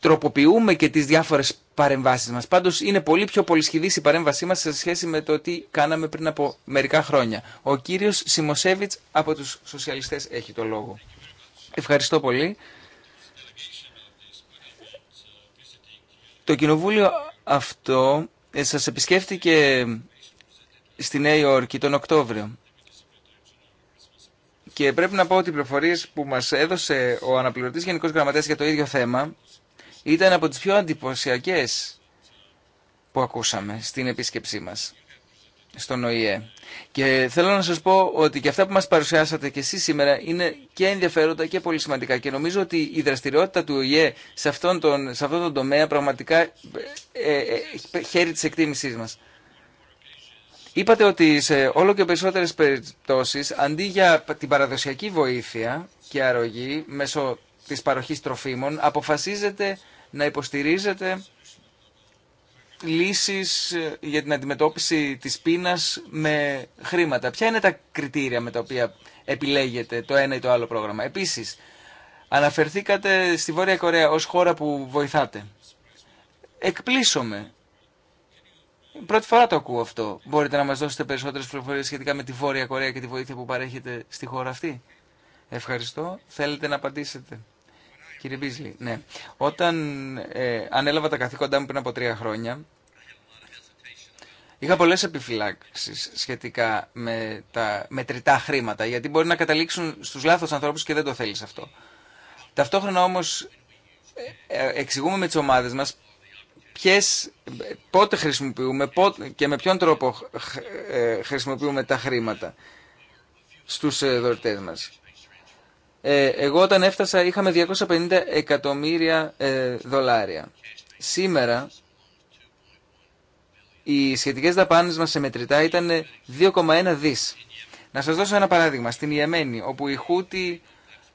τροποποιούμε και τι διάφορε παρεμβάσει μα. Πάντως είναι πολύ πιο πολυσχηδή η παρέμβασή μα σε σχέση με το τι κάναμε πριν από μερικά χρόνια. Ο κύριο Σιμοσέβιτ από του σοσιαλιστέ έχει το λόγο. Ευχαριστώ πολύ. Το κοινοβούλιο αυτό ε, σας επισκέφτηκε στη Νέα Υόρκη τον Οκτώβριο. Και πρέπει να πω ότι οι πληροφορίε που μα έδωσε ο αναπληρωτή Γενικό Γραμματέα για το ίδιο θέμα ήταν από τι πιο εντυπωσιακέ που ακούσαμε στην επίσκεψή μας στον ΟΗΕ. Και θέλω να σας πω ότι και αυτά που μας παρουσιάσατε και εσείς σήμερα είναι και ενδιαφέροντα και πολύ σημαντικά και νομίζω ότι η δραστηριότητα του ΟΗΕ σε αυτόν τον, σε αυτόν τον τομέα πραγματικά ε, ε, χαίρει της εκτίμησής μας. Είπατε ότι σε όλο και περισσότερες περιπτώσεις αντί για την παραδοσιακή βοήθεια και αρρωγή μέσω της παροχής τροφίμων αποφασίζεται να υποστηρίζεται λύσεις ε, για την αντιμετώπιση της πείνας με χρήματα. Ποια είναι τα κριτήρια με τα οποία επιλέγετε το ένα ή το άλλο πρόγραμμα. Επίσης, αναφερθήκατε στη Βόρεια Κορέα ως χώρα που βοηθάτε. με. Πρώτη φορά το ακούω αυτό. Μπορείτε να μας δώσετε περισσότερες πληροφορίες σχετικά με τη Βόρεια Κορέα και τη βοήθεια που παρέχετε στη χώρα αυτή. Ευχαριστώ. Θέλετε να απαντήσετε. Κύριε Μπίζλι, ναι. Όταν ε, ανέλαβα τα καθήκοντά μου πριν από τρία χρόνια, είχα πολλέ επιφυλάξει σχετικά με τα μετρητά χρήματα, γιατί μπορεί να καταλήξουν στου λάθο ανθρώπου και δεν το θέλει αυτό. Ταυτόχρονα όμως ε, ε, εξηγούμε με τι ομάδε μα ποιες, πότε χρησιμοποιούμε πότε, και με ποιον τρόπο χρησιμοποιούμε τα χρήματα στους δωρητές μας. Ε, εγώ όταν έφτασα είχαμε 250 εκατομμύρια ε, δολάρια. Σήμερα οι σχετικές δαπάνες μας σε μετρητά ήταν 2,1 δις. Να σας δώσω ένα παράδειγμα. Στην Ιεμένη, όπου οι Χούτι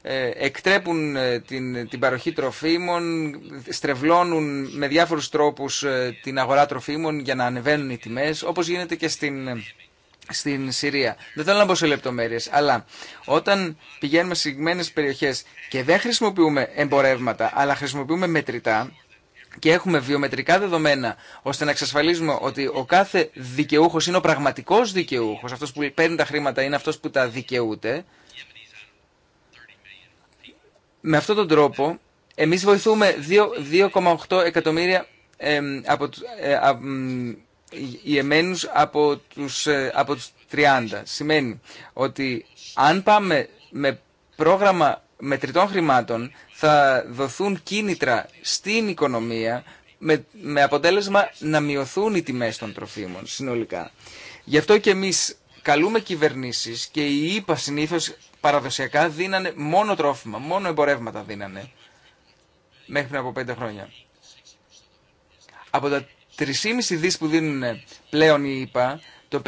ε, εκτρέπουν την, την παροχή τροφίμων, στρεβλώνουν με διάφορους τρόπους την αγορά τροφίμων για να ανεβαίνουν οι τιμές, όπως γίνεται και στην στην Συρία. Δεν θέλω να μπω σε λεπτομέρειε, αλλά όταν πηγαίνουμε σε συγκεκριμένε περιοχέ και δεν χρησιμοποιούμε εμπορεύματα, αλλά χρησιμοποιούμε μετρητά και έχουμε βιομετρικά δεδομένα ώστε να εξασφαλίζουμε ότι ο κάθε δικαιούχο είναι ο πραγματικό δικαιούχο, αυτό που παίρνει τα χρήματα είναι αυτό που τα δικαιούται. Με αυτόν τον τρόπο, εμεί βοηθούμε 2,8 εκατομμύρια από, ε, ιεμένους από τους, ε, από τους 30. Σημαίνει ότι αν πάμε με πρόγραμμα μετρητών χρημάτων θα δοθούν κίνητρα στην οικονομία με, με αποτέλεσμα να μειωθούν οι τιμές των τροφίμων συνολικά. Γι' αυτό και εμείς καλούμε κυβερνήσεις και η ΙΠΑ συνήθως παραδοσιακά δίνανε μόνο τρόφιμα, μόνο εμπορεύματα δίνανε μέχρι από πέντε χρόνια. Από 3,5 δις που δίνουν ε, πλέον οι ΙΠΑ, το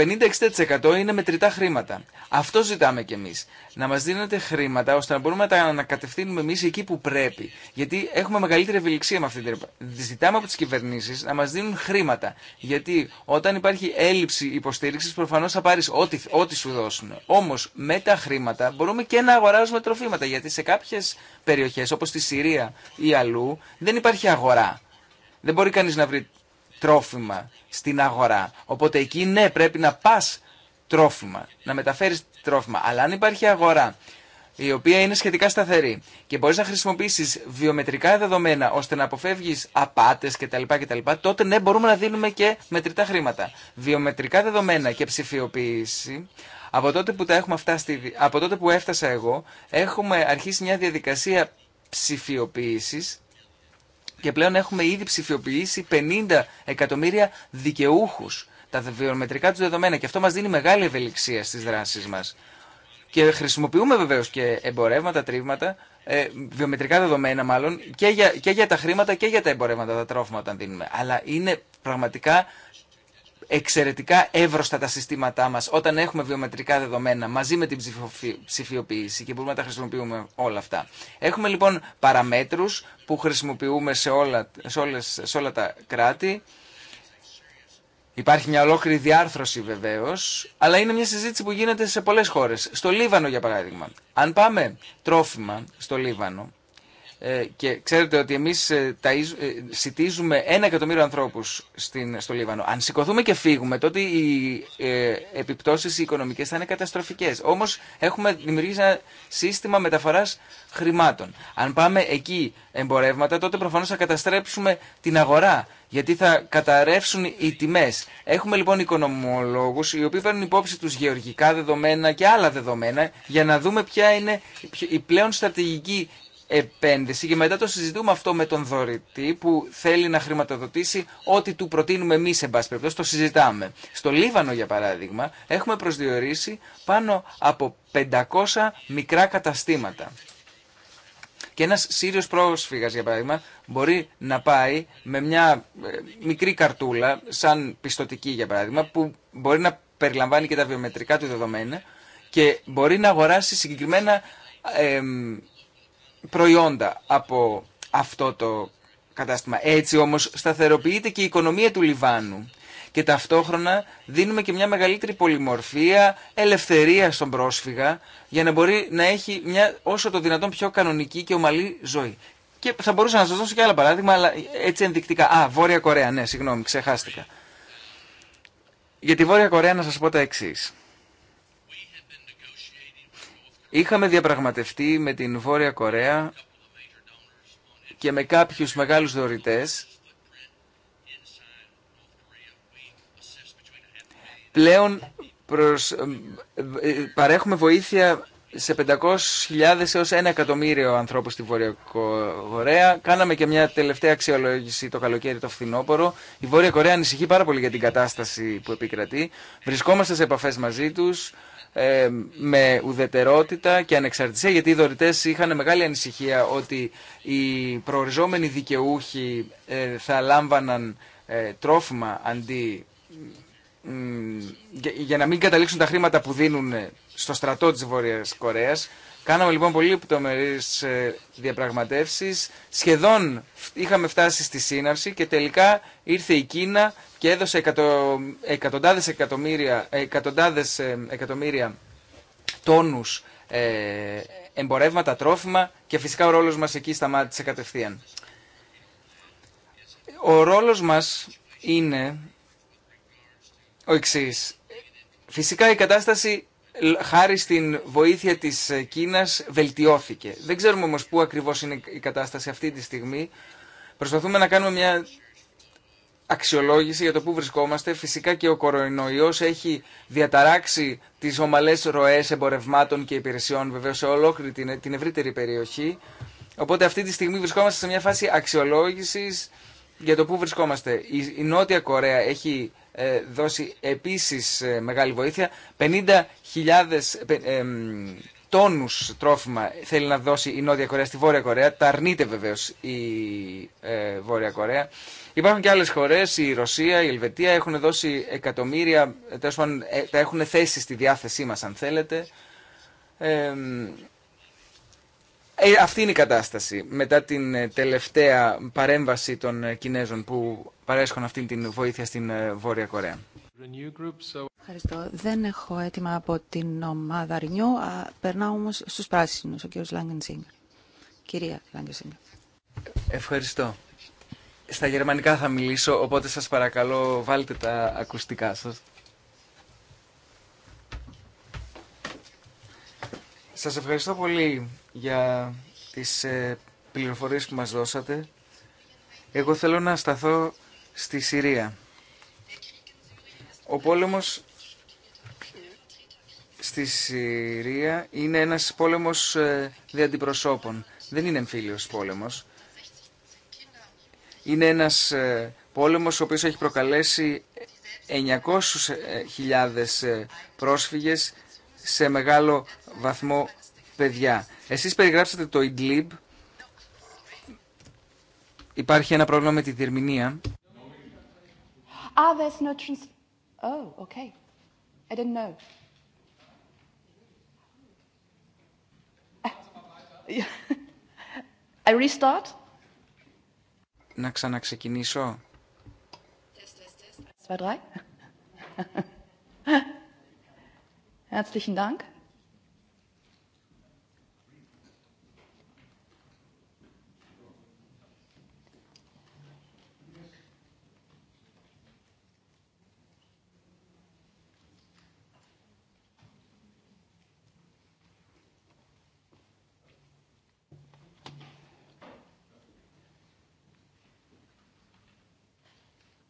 50-60% είναι μετρητά χρήματα. Αυτό ζητάμε κι εμείς. Να μας δίνετε χρήματα ώστε να μπορούμε να τα ανακατευθύνουμε εμείς εκεί που πρέπει. Γιατί έχουμε μεγαλύτερη ευελιξία με αυτή την Ζητάμε από τις κυβερνήσεις να μας δίνουν χρήματα. Γιατί όταν υπάρχει έλλειψη υποστήριξης προφανώς θα πάρεις ό,τι, ό,τι σου δώσουν. Όμως με τα χρήματα μπορούμε και να αγοράζουμε τροφήματα. Γιατί σε κάποιες περιοχές όπως στη Συρία ή αλλού δεν υπάρχει αγορά. Δεν μπορεί κανείς να βρει τρόφιμα στην αγορά. Οπότε εκεί ναι πρέπει να πας τρόφιμα, να μεταφέρεις τρόφιμα. Αλλά αν υπάρχει αγορά η οποία είναι σχετικά σταθερή και μπορείς να χρησιμοποιήσεις βιομετρικά δεδομένα ώστε να αποφεύγεις απάτες κτλ, τότε ναι μπορούμε να δίνουμε και μετρητά χρήματα. Βιομετρικά δεδομένα και ψηφιοποίηση από τότε που, τα έχουμε φτάσει, από τότε που έφτασα εγώ έχουμε αρχίσει μια διαδικασία ψηφιοποίησης και πλέον έχουμε ήδη ψηφιοποιήσει 50 εκατομμύρια δικαιούχους τα βιομετρικά του δεδομένα και αυτό μας δίνει μεγάλη ευελιξία στις δράσεις μας. Και χρησιμοποιούμε βεβαίω και εμπορεύματα, τρίβματα, ε, βιομετρικά δεδομένα μάλλον, και για, και για τα χρήματα και για τα εμπορεύματα, τα τρόφιμα όταν δίνουμε. Αλλά είναι πραγματικά εξαιρετικά εύρωστα τα συστήματά μας όταν έχουμε βιομετρικά δεδομένα μαζί με την ψηφιοποίηση και μπορούμε να τα χρησιμοποιούμε όλα αυτά. Έχουμε λοιπόν παραμέτρους που χρησιμοποιούμε σε όλα, σε σε όλα τα κράτη. Υπάρχει μια ολόκληρη διάρθρωση βεβαίω, αλλά είναι μια συζήτηση που γίνεται σε πολλέ χώρε. Στο Λίβανο, για παράδειγμα. Αν πάμε τρόφιμα στο Λίβανο, ε, και ξέρετε ότι εμείς ε, ε, σητίζουμε ένα εκατομμύριο ανθρώπους στο Λίβανο. Αν σηκωθούμε και φύγουμε, τότε οι επιπτώσεις οι οικονομικές θα είναι καταστροφικές. Όμως έχουμε δημιουργήσει ένα σύστημα μεταφοράς χρημάτων. Αν πάμε εκεί εμπορεύματα, τότε προφανώς θα καταστρέψουμε την αγορά, γιατί θα καταρρεύσουν οι τιμές. Έχουμε λοιπόν οικονομολόγους, οι οποίοι παίρνουν υπόψη τους γεωργικά δεδομένα και άλλα δεδομένα, για να δούμε ποια είναι η πλέον στρατηγική επένδυση και μετά το συζητούμε αυτό με τον δωρητή που θέλει να χρηματοδοτήσει ό,τι του προτείνουμε εμεί, εν πάση το συζητάμε. Στο Λίβανο, για παράδειγμα, έχουμε προσδιορίσει πάνω από 500 μικρά καταστήματα. Και ένας Σύριος πρόσφυγας, για παράδειγμα, μπορεί να πάει με μια ε, μικρή καρτούλα, σαν πιστοτική, για παράδειγμα, που μπορεί να περιλαμβάνει και τα βιομετρικά του δεδομένα και μπορεί να αγοράσει συγκεκριμένα ε, προϊόντα από αυτό το κατάστημα. Έτσι όμως σταθεροποιείται και η οικονομία του Λιβάνου και ταυτόχρονα δίνουμε και μια μεγαλύτερη πολυμορφία, ελευθερία στον πρόσφυγα για να μπορεί να έχει μια όσο το δυνατόν πιο κανονική και ομαλή ζωή. Και θα μπορούσα να σας δώσω και άλλα παράδειγμα, αλλά έτσι ενδεικτικά. Α, Βόρεια Κορέα, ναι, συγγνώμη, ξεχάστηκα. Για τη Βόρεια Κορέα να σας πω τα εξής. Είχαμε διαπραγματευτεί με την Βόρεια Κορέα και με κάποιους μεγάλους δωρητές. Πλέον παρέχουμε βοήθεια σε 500.000 έως 1 εκατομμύριο ανθρώπους στη Βόρεια Κορέα. Κάναμε και μια τελευταία αξιολόγηση το καλοκαίρι το φθινόπωρο. Η Βόρεια Κορέα ανησυχεί πάρα πολύ για την κατάσταση που επικρατεί. Βρισκόμαστε σε επαφές μαζί τους. Ε, με ουδετερότητα και ανεξαρτησία γιατί οι δωρητές είχαν μεγάλη ανησυχία ότι οι προοριζόμενοι δικαιούχοι ε, θα λάμβαναν ε, τρόφιμα αντί για να μην καταλήξουν τα χρήματα που δίνουν στο στρατό της Βόρειας Κορέας Κάναμε λοιπόν πολύ λεπτομερείς ε, διαπραγματεύσεις. Σχεδόν είχαμε φτάσει στη σύναψη και τελικά ήρθε η Κίνα και έδωσε εκατο... εκατομμύρια, εκατοντάδες εκατομμύρια ε, ε, τόνους εμπορεύματα, τρόφιμα και φυσικά ο ρόλος μας εκεί σταμάτησε κατευθείαν. Ο ρόλος μας είναι ο εξή. Φυσικά η κατάσταση χάρη στην βοήθεια της ε, Κίνας βελτιώθηκε. Δεν ξέρουμε όμως πού ακριβώς είναι η κατάσταση αυτή τη στιγμή. Προσπαθούμε να κάνουμε μια αξιολόγηση για το πού βρισκόμαστε. Φυσικά και ο κορονοϊός έχει διαταράξει τις ομαλές ροές εμπορευμάτων και υπηρεσιών βεβαίω σε ολόκληρη την, την ευρύτερη περιοχή. Οπότε αυτή τη στιγμή βρισκόμαστε σε μια φάση αξιολόγησης για το πού βρισκόμαστε. η Νότια Κορέα έχει ε, δώσει επίσης ε, μεγάλη βοήθεια. 50.000 τόνους τρόφιμα θέλει να δώσει η Νότια Κορέα στη Βόρεια Κορέα. Τα αρνείται βεβαίως η ε, Βόρεια Κορέα. Υπάρχουν και άλλες χωρές, η Ρωσία, η Ελβετία έχουν δώσει εκατομμύρια, τα έχουν θέσει στη διάθεσή μας αν θέλετε. Ε, αυτή είναι η κατάσταση μετά την ε, τελευταία παρέμβαση των ε, Κινέζων που παρέσχουν αυτή την βοήθεια στην Βόρεια Κορέα. Ευχαριστώ. Δεν έχω έτοιμα από την ομάδα Ρινιού. Περνάω όμω στου πράσινου ο κύριος Λάγκενσίγκερ. Κυρία Λάγκενσίγκερ. Ευχαριστώ. Στα γερμανικά θα μιλήσω, οπότε σα παρακαλώ βάλτε τα ακουστικά σα. Σας ευχαριστώ πολύ για τις ε, πληροφορίες που μας δώσατε. Εγώ θέλω να σταθώ στη Συρία. Ο πόλεμος στη Συρία είναι ένας πόλεμος ε, διαντιπροσώπων. Δεν είναι εμφύλιος πόλεμος. Είναι ένας ε, πόλεμος ο οποίος έχει προκαλέσει 900.000 πρόσφυγες σε μεγάλο βαθμό παιδιά. Εσείς περιγράψατε το idlib. Υπάρχει ένα πρόβλημα με τη διερμηνία. Ah, there's no trans... Oh, okay. I didn't know. I restart. Να ξαναξεκινήσω. Test, test, 2, 3. Herzlichen Dank.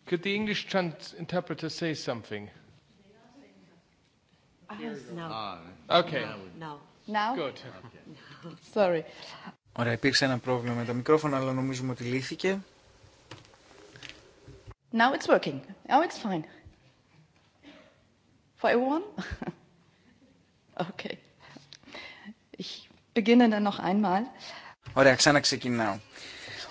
Could the English interpreter say something? No. Okay. No. No. Good. Sorry. Ωραία, υπήρξε ένα πρόβλημα με το μικρόφωνο, αλλά νομίζουμε ότι λύθηκε. Now it's working. Now it's fine. For everyone? Okay. Ich beginne dann noch einmal. Ωραία, ξαναξεκινάω.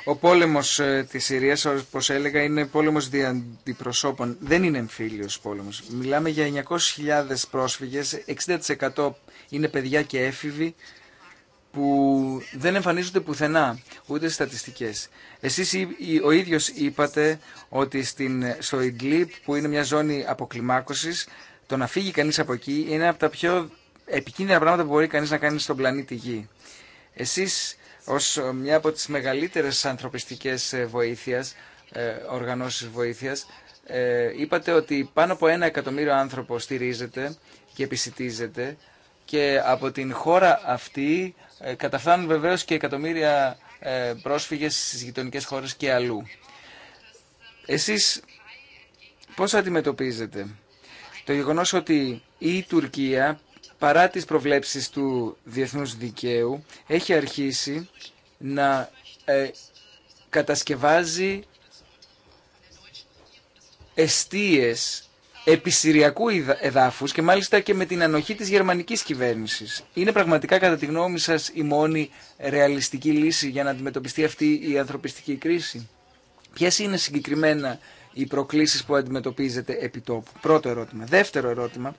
Ο πόλεμος ε, της Συρίας, όπως έλεγα, είναι πόλεμος διαντιπροσώπων. αντιπροσώπων. Δεν είναι εμφύλιος πόλεμος. Μιλάμε για 900.000 πρόσφυγες, 60% είναι παιδιά και έφηβοι που δεν εμφανίζονται πουθενά, ούτε στατιστικές. Εσείς ο ίδιος είπατε ότι στην, στο Ιγκλίπ, που είναι μια ζώνη αποκλιμάκωσης, το να φύγει κανείς από εκεί είναι από τα πιο επικίνδυνα πράγματα που μπορεί κανείς να κάνει στον πλανήτη Γη. Εσείς ως ε, μια από τις μεγαλύτερες ανθρωπιστικές ε, βοήθειας, ε, οργανώσεις βοήθειας. Είπατε ότι πάνω από ένα εκατομμύριο άνθρωπο στηρίζεται και επισητίζεται και από την χώρα αυτή καταφθάνουν βεβαίως και εκατομμύρια πρόσφυγες στις γειτονικές χώρες και αλλού. Εσείς πώς αντιμετωπίζετε το γεγονός ότι η Τουρκία παρά τις προβλέψεις του διεθνούς δικαίου, έχει αρχίσει να ε, κατασκευάζει εστίες επισυριακού εδάφους και μάλιστα και με την ανοχή της γερμανικής κυβέρνησης. Είναι πραγματικά κατά τη γνώμη σας η μόνη ρεαλιστική λύση για να αντιμετωπιστεί αυτή η ανθρωπιστική κρίση. Ποιε είναι συγκεκριμένα οι προκλήσεις που αντιμετωπίζετε επί τόπου. Πρώτο ερώτημα. Δεύτερο ερώτημα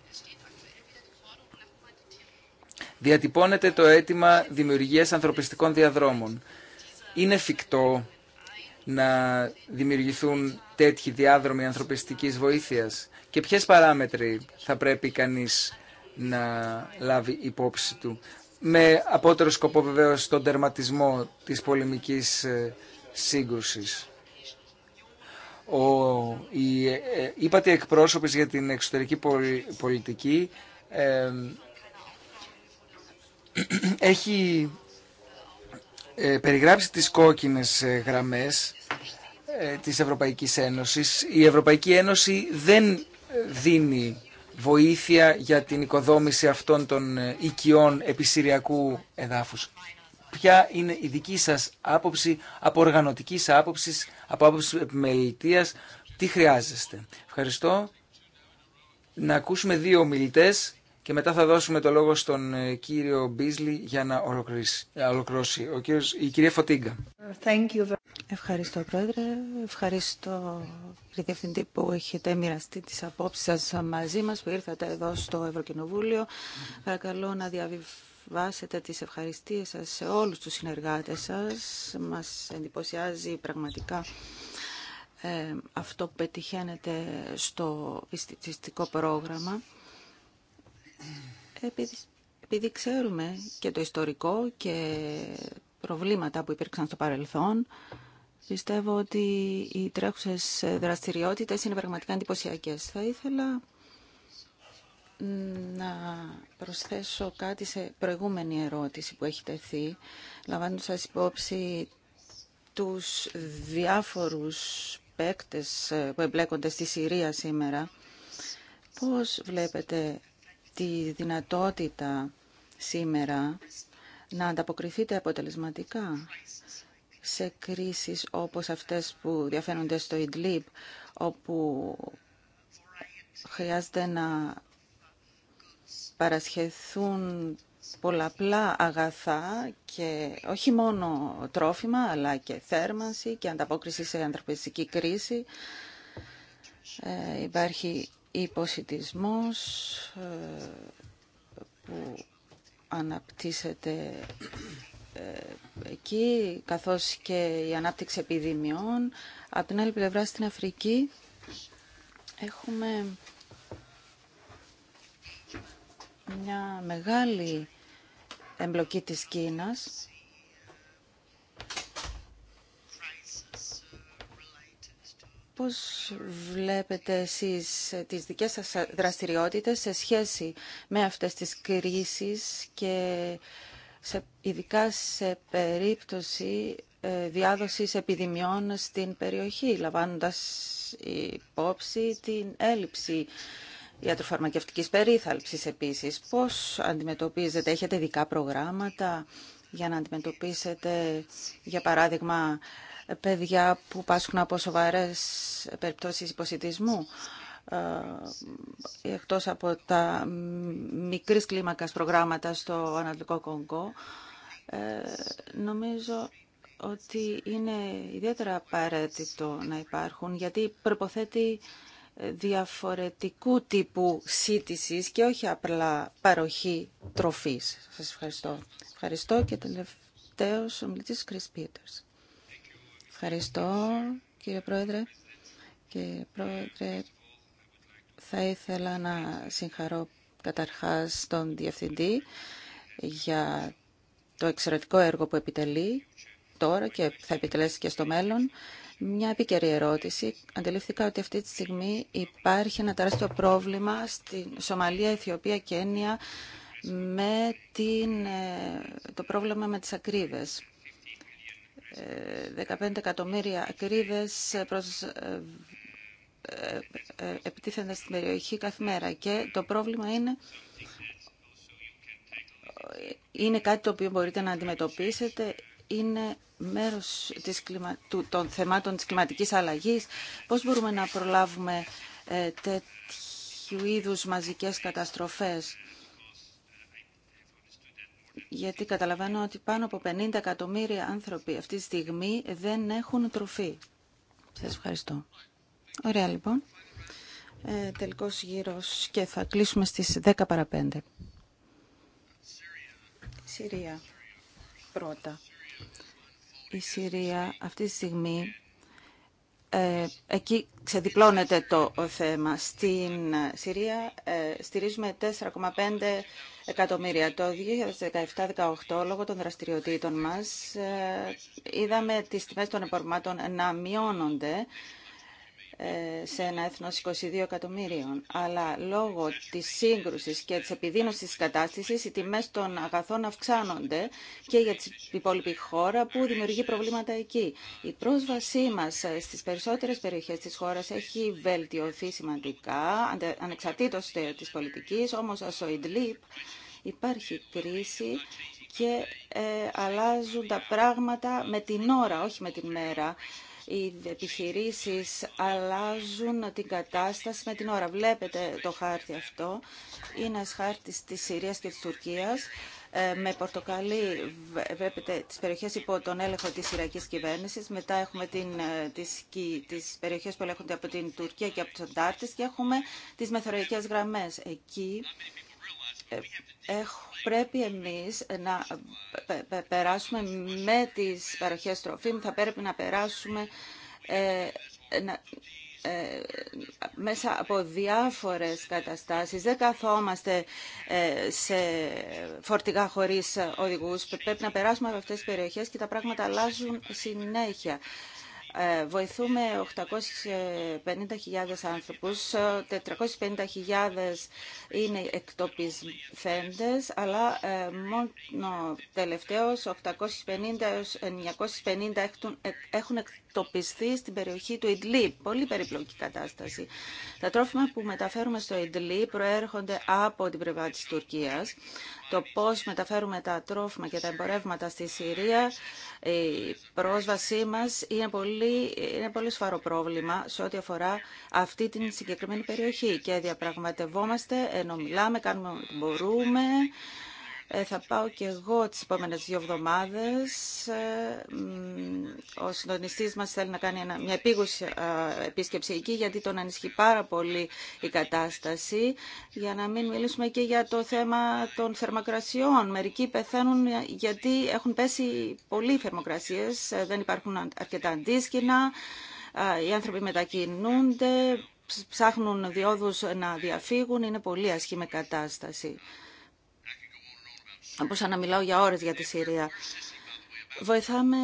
διατυπώνεται το αίτημα δημιουργίας ανθρωπιστικών διαδρόμων. Είναι εφικτό να δημιουργηθούν τέτοιοι διάδρομοι ανθρωπιστικής βοήθειας και ποιες παράμετροι θα πρέπει κανείς να λάβει υπόψη του. Με απότερο σκοπό βεβαίως τον τερματισμό της πολεμικής ε, σύγκρουσης. Ο, η, ε, ε, είπατε εκπρόσωπες για την εξωτερική πολιτική ε, έχει ε, περιγράψει τις κόκκινες ε, γραμμές ε, της Ευρωπαϊκής Ένωσης. Η Ευρωπαϊκή Ένωση δεν δίνει βοήθεια για την οικοδόμηση αυτών των οικειών επισυριακού εδάφους. Ποια είναι η δική σας άποψη από οργανωτικής άποψης, από άποψη επιμελητίας, τι χρειάζεστε. Ευχαριστώ. Να ακούσουμε δύο ομιλητές και μετά θα δώσουμε το λόγο στον ε, κύριο Μπίσλι για να ε, ολοκληρώσει. Ο κύριος, η κυρία Φωτίγκα. Thank you. Ευχαριστώ Πρόεδρε, ευχαριστώ κύριε Διευθυντή που έχετε μοιραστεί τις απόψεις σας μαζί μας που ήρθατε εδώ στο Ευρωκοινοβούλιο. Παρακαλώ να διαβιβάσετε τις ευχαριστίες σας σε όλους τους συνεργάτες σας. Μας εντυπωσιάζει πραγματικά ε, αυτό που πετυχαίνετε στο πιστιστικό πρόγραμμα. Επειδή, επειδή ξέρουμε και το ιστορικό και προβλήματα που υπήρξαν στο παρελθόν, πιστεύω ότι οι τρέχουσες δραστηριότητες είναι πραγματικά εντυπωσιακέ. Θα ήθελα να προσθέσω κάτι σε προηγούμενη ερώτηση που έχει τεθεί, λαμβάνοντας υπόψη τους διάφορους παίκτες που εμπλέκονται στη Συρία σήμερα. Πώς βλέπετε τη δυνατότητα σήμερα να ανταποκριθείτε αποτελεσματικά σε κρίσεις όπως αυτές που διαφαίνονται στο Ιντλίπ, όπου χρειάζεται να παρασχεθούν πολλαπλά αγαθά και όχι μόνο τρόφιμα, αλλά και θέρμανση και ανταπόκριση σε ανθρωπιστική κρίση. Ε, υπάρχει υποσυτισμός ε, που αναπτύσσεται ε, εκεί, καθώς και η ανάπτυξη επιδημιών. Από την άλλη πλευρά στην Αφρική έχουμε μια μεγάλη εμπλοκή της Κίνας Πώς βλέπετε εσείς τις δικές σας δραστηριότητες σε σχέση με αυτές τις κρίσεις και σε, ειδικά σε περίπτωση ε, διάδοσης επιδημιών στην περιοχή, λαμβάνοντας υπόψη την έλλειψη ιατροφαρμακευτικής περίθαλψης επίσης. Πώς αντιμετωπίζετε, έχετε ειδικά προγράμματα για να αντιμετωπίσετε, για παράδειγμα, παιδιά που πάσχουν από σοβαρές περιπτώσεις υποσυτισμού ε, εκτός από τα μικρής κλίμακας προγράμματα στο Ανατολικό Κονγκό, ε, νομίζω ότι είναι ιδιαίτερα απαραίτητο να υπάρχουν, γιατί προποθέτει διαφορετικού τύπου σύντησης και όχι απλά παροχή τροφής. Σας ευχαριστώ. Ευχαριστώ και τελευταίος ο μιλητής Chris Peters. Ευχαριστώ, κύριε Πρόεδρε. Κύριε Πρόεδρε, θα ήθελα να συγχαρώ καταρχάς τον Διευθυντή για το εξαιρετικό έργο που επιτελεί τώρα και θα επιτελέσει και στο μέλλον. Μια επίκαιρη ερώτηση. Αντιληφθήκα ότι αυτή τη στιγμή υπάρχει ένα τεράστιο πρόβλημα στη Σομαλία, Αιθιοπία και Έννοια με την, ε, το πρόβλημα με τις ακρίβες. 15 εκατομμύρια κρίδες ε, προς ε, ε, επιτίθενται στην περιοχή κάθε μέρα. Και το πρόβλημα είναι, είναι κάτι το οποίο μπορείτε να αντιμετωπίσετε, είναι μέρος της των θεμάτων της κλιματικής αλλαγής. Πώς μπορούμε να προλάβουμε τέτοιου είδους μαζικές καταστροφές γιατί καταλαβαίνω ότι πάνω από 50 εκατομμύρια άνθρωποι αυτή τη στιγμή δεν έχουν τροφή. Σας ευχαριστώ. Ωραία λοιπόν. Ε, τελικός γύρος και θα κλείσουμε στις 10 παρα 5. Συρία πρώτα. Η Συρία αυτή τη στιγμή ε, εκεί ξεδιπλώνεται το θέμα. Στην Συρία ε, στηρίζουμε 4,5 εκατομμύρια. Το 2017-2018, λόγω των δραστηριοτήτων μας, ε, είδαμε τις τιμές των εμπορμάτων να μειώνονται ε, σε ένα έθνος 22 εκατομμύριων. Αλλά λόγω της σύγκρουσης και της επιδείνωσης της κατάστασης, οι τιμές των αγαθών αυξάνονται και για την υπόλοιπη χώρα που δημιουργεί προβλήματα εκεί. Η πρόσβασή μας ε, στις περισσότερες περιοχές της χώρας έχει βελτιωθεί σημαντικά, ανεξαρτήτως της πολιτικής, όμως στο Ιντλίπ υπάρχει κρίση και ε, αλλάζουν τα πράγματα με την ώρα, όχι με την μέρα οι επιχειρήσεις αλλάζουν την κατάσταση με την ώρα. Βλέπετε το χάρτη αυτό. Είναι ένας χάρτης της Συρίας και της Τουρκίας. Ε, με πορτοκαλί βλέπετε τις περιοχές υπό τον έλεγχο της Ιρακής κυβέρνησης. Μετά έχουμε την, ε, τις, περιοχές που ελέγχονται από την Τουρκία και από τους Αντάρτες και έχουμε τις μεθοριακέ γραμμές. Εκεί ε, πρέπει εμείς να περάσουμε με τις παροχές τροφίμων, θα πρέπει να περάσουμε ε, ε, μέσα από διάφορες καταστάσεις. Δεν καθόμαστε σε φορτηγά χωρίς οδηγούς. Πρέπει να περάσουμε από αυτές τις περιοχές και τα πράγματα αλλάζουν συνέχεια. Ε, βοηθούμε 850.000 άνθρωπους, 450.000 είναι εκτοπισθέντες, αλλά ε, μόνο τελευταίως 850 έως 950 έχουν εντοπιστεί στην περιοχή του Ιντλή. Πολύ περιπλοκή κατάσταση. Τα τρόφιμα που μεταφέρουμε στο Ιντλή προέρχονται από την πλευρά τη Τουρκία. Το πώ μεταφέρουμε τα τρόφιμα και τα εμπορεύματα στη Συρία, η πρόσβασή μα είναι πολύ, είναι πολύ σφαρό πρόβλημα σε ό,τι αφορά αυτή την συγκεκριμένη περιοχή. Και διαπραγματευόμαστε, ενώ μιλάμε, κάνουμε ό,τι μπορούμε ε, θα πάω και εγώ τις επόμενες δύο εβδομάδες. Ε, ο συντονιστής μας θέλει να κάνει μια επίγουση ε, επίσκεψη εκεί, γιατί τον ανισχύει πάρα πολύ η κατάσταση, για να μην μιλήσουμε και για το θέμα των θερμοκρασιών. Μερικοί πεθαίνουν γιατί έχουν πέσει πολλοί θερμοκρασίες, δεν υπάρχουν αρκετά αντίσκηνα, οι άνθρωποι μετακινούνται, ψάχνουν διόδους να διαφύγουν, είναι πολύ ασχήμη κατάσταση μπορούσα να μιλάω για ώρες για τη Συρία. Βοηθάμε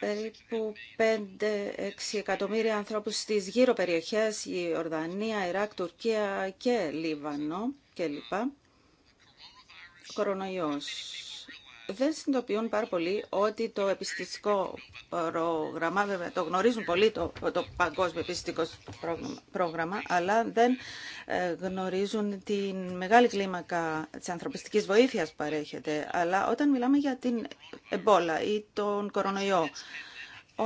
περίπου 5-6 εκατομμύρια ανθρώπους στις γύρω περιοχές, η Ορδανία, Ιράκ, Τουρκία και Λίβανο κλπ. Κορονοϊός δεν συνειδητοποιούν πάρα πολύ ότι το επιστημικό πρόγραμμα, βέβαια το γνωρίζουν πολύ το, το παγκόσμιο επιστημικό πρόγραμμα, αλλά δεν ε, γνωρίζουν τη μεγάλη κλίμακα της ανθρωπιστικής βοήθειας παρέχεται. Αλλά όταν μιλάμε για την εμπόλα ή τον κορονοϊό,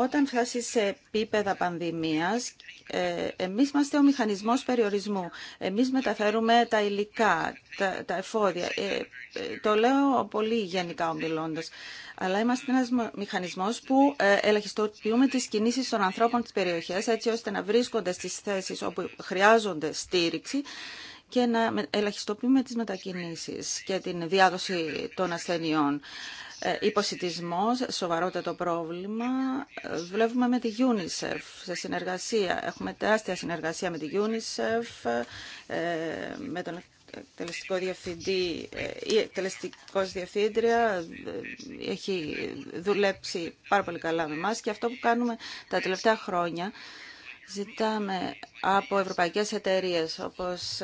όταν φτάσει σε επίπεδα πανδημίας, ε, εμείς είμαστε ο μηχανισμός περιορισμού. Εμείς μεταφέρουμε τα υλικά, τα, τα εφόδια. Ε, ε, το λέω πολύ γενικά ομιλώντας. Αλλά είμαστε ένας μηχανισμός που ελαχιστοποιούμε τις κινήσεις των ανθρώπων της περιοχής, έτσι ώστε να βρίσκονται στις θέσεις όπου χρειάζονται στήριξη και να ελαχιστοποιούμε τις μετακινήσεις και την διάδοση των ασθενειών. Ε, υποσυτισμός, σοβαρότατο πρόβλημα. Ε, βλέπουμε με τη UNICEF σε συνεργασία. Έχουμε τεράστια συνεργασία με τη UNICEF, ε, με τον εκτελεστικό διευθυντή ή εκτελεστικός διευθύντρια έχει δουλέψει πάρα πολύ καλά με εμάς και αυτό που κάνουμε τα τελευταία χρόνια ζητάμε από ευρωπαϊκές εταιρείες όπως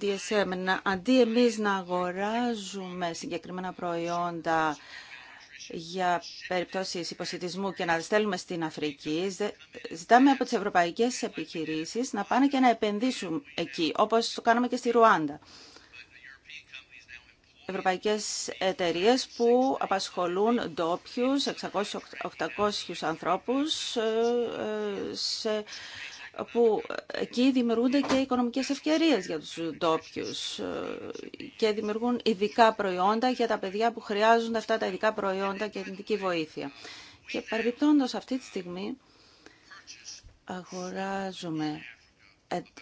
DSM να, αντί εμείς να αγοράζουμε συγκεκριμένα προϊόντα για περιπτώσεις υποσυτισμού και να στέλνουμε στην Αφρική, ζητάμε από τις ευρωπαϊκές επιχειρήσεις να πάνε και να επενδύσουν εκεί, όπως το κάναμε και στη Ρουάντα ευρωπαϊκές εταιρείες που απασχολούν ντόπιου 600-800 ανθρώπους ε, ε, σε που εκεί δημιουργούνται και οικονομικές ευκαιρίες για τους ντόπιου ε, και δημιουργούν ειδικά προϊόντα για τα παιδιά που χρειάζονται αυτά τα ειδικά προϊόντα και ειδική βοήθεια. Και παρεμπιπτόντως αυτή τη στιγμή αγοράζουμε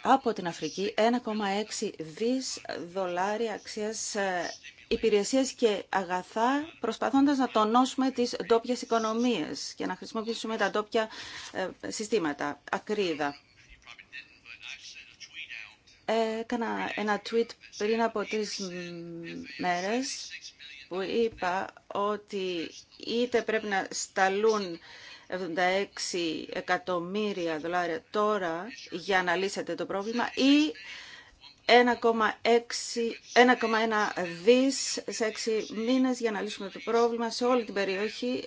από την Αφρική 1,6 δις δολάρια αξίας ε, υπηρεσίες και αγαθά προσπαθώντας να τονώσουμε τις ντόπιε οικονομίες και να χρησιμοποιήσουμε τα ντόπια ε, συστήματα, ακρίδα. Έκανα ένα tweet πριν από τρεις μέρες που είπα ότι είτε πρέπει να σταλούν 76 εκατομμύρια δολάρια τώρα για να λύσετε το πρόβλημα ή 1,1 δις σε 6 μήνες για να λύσουμε το πρόβλημα σε όλη την περιοχή.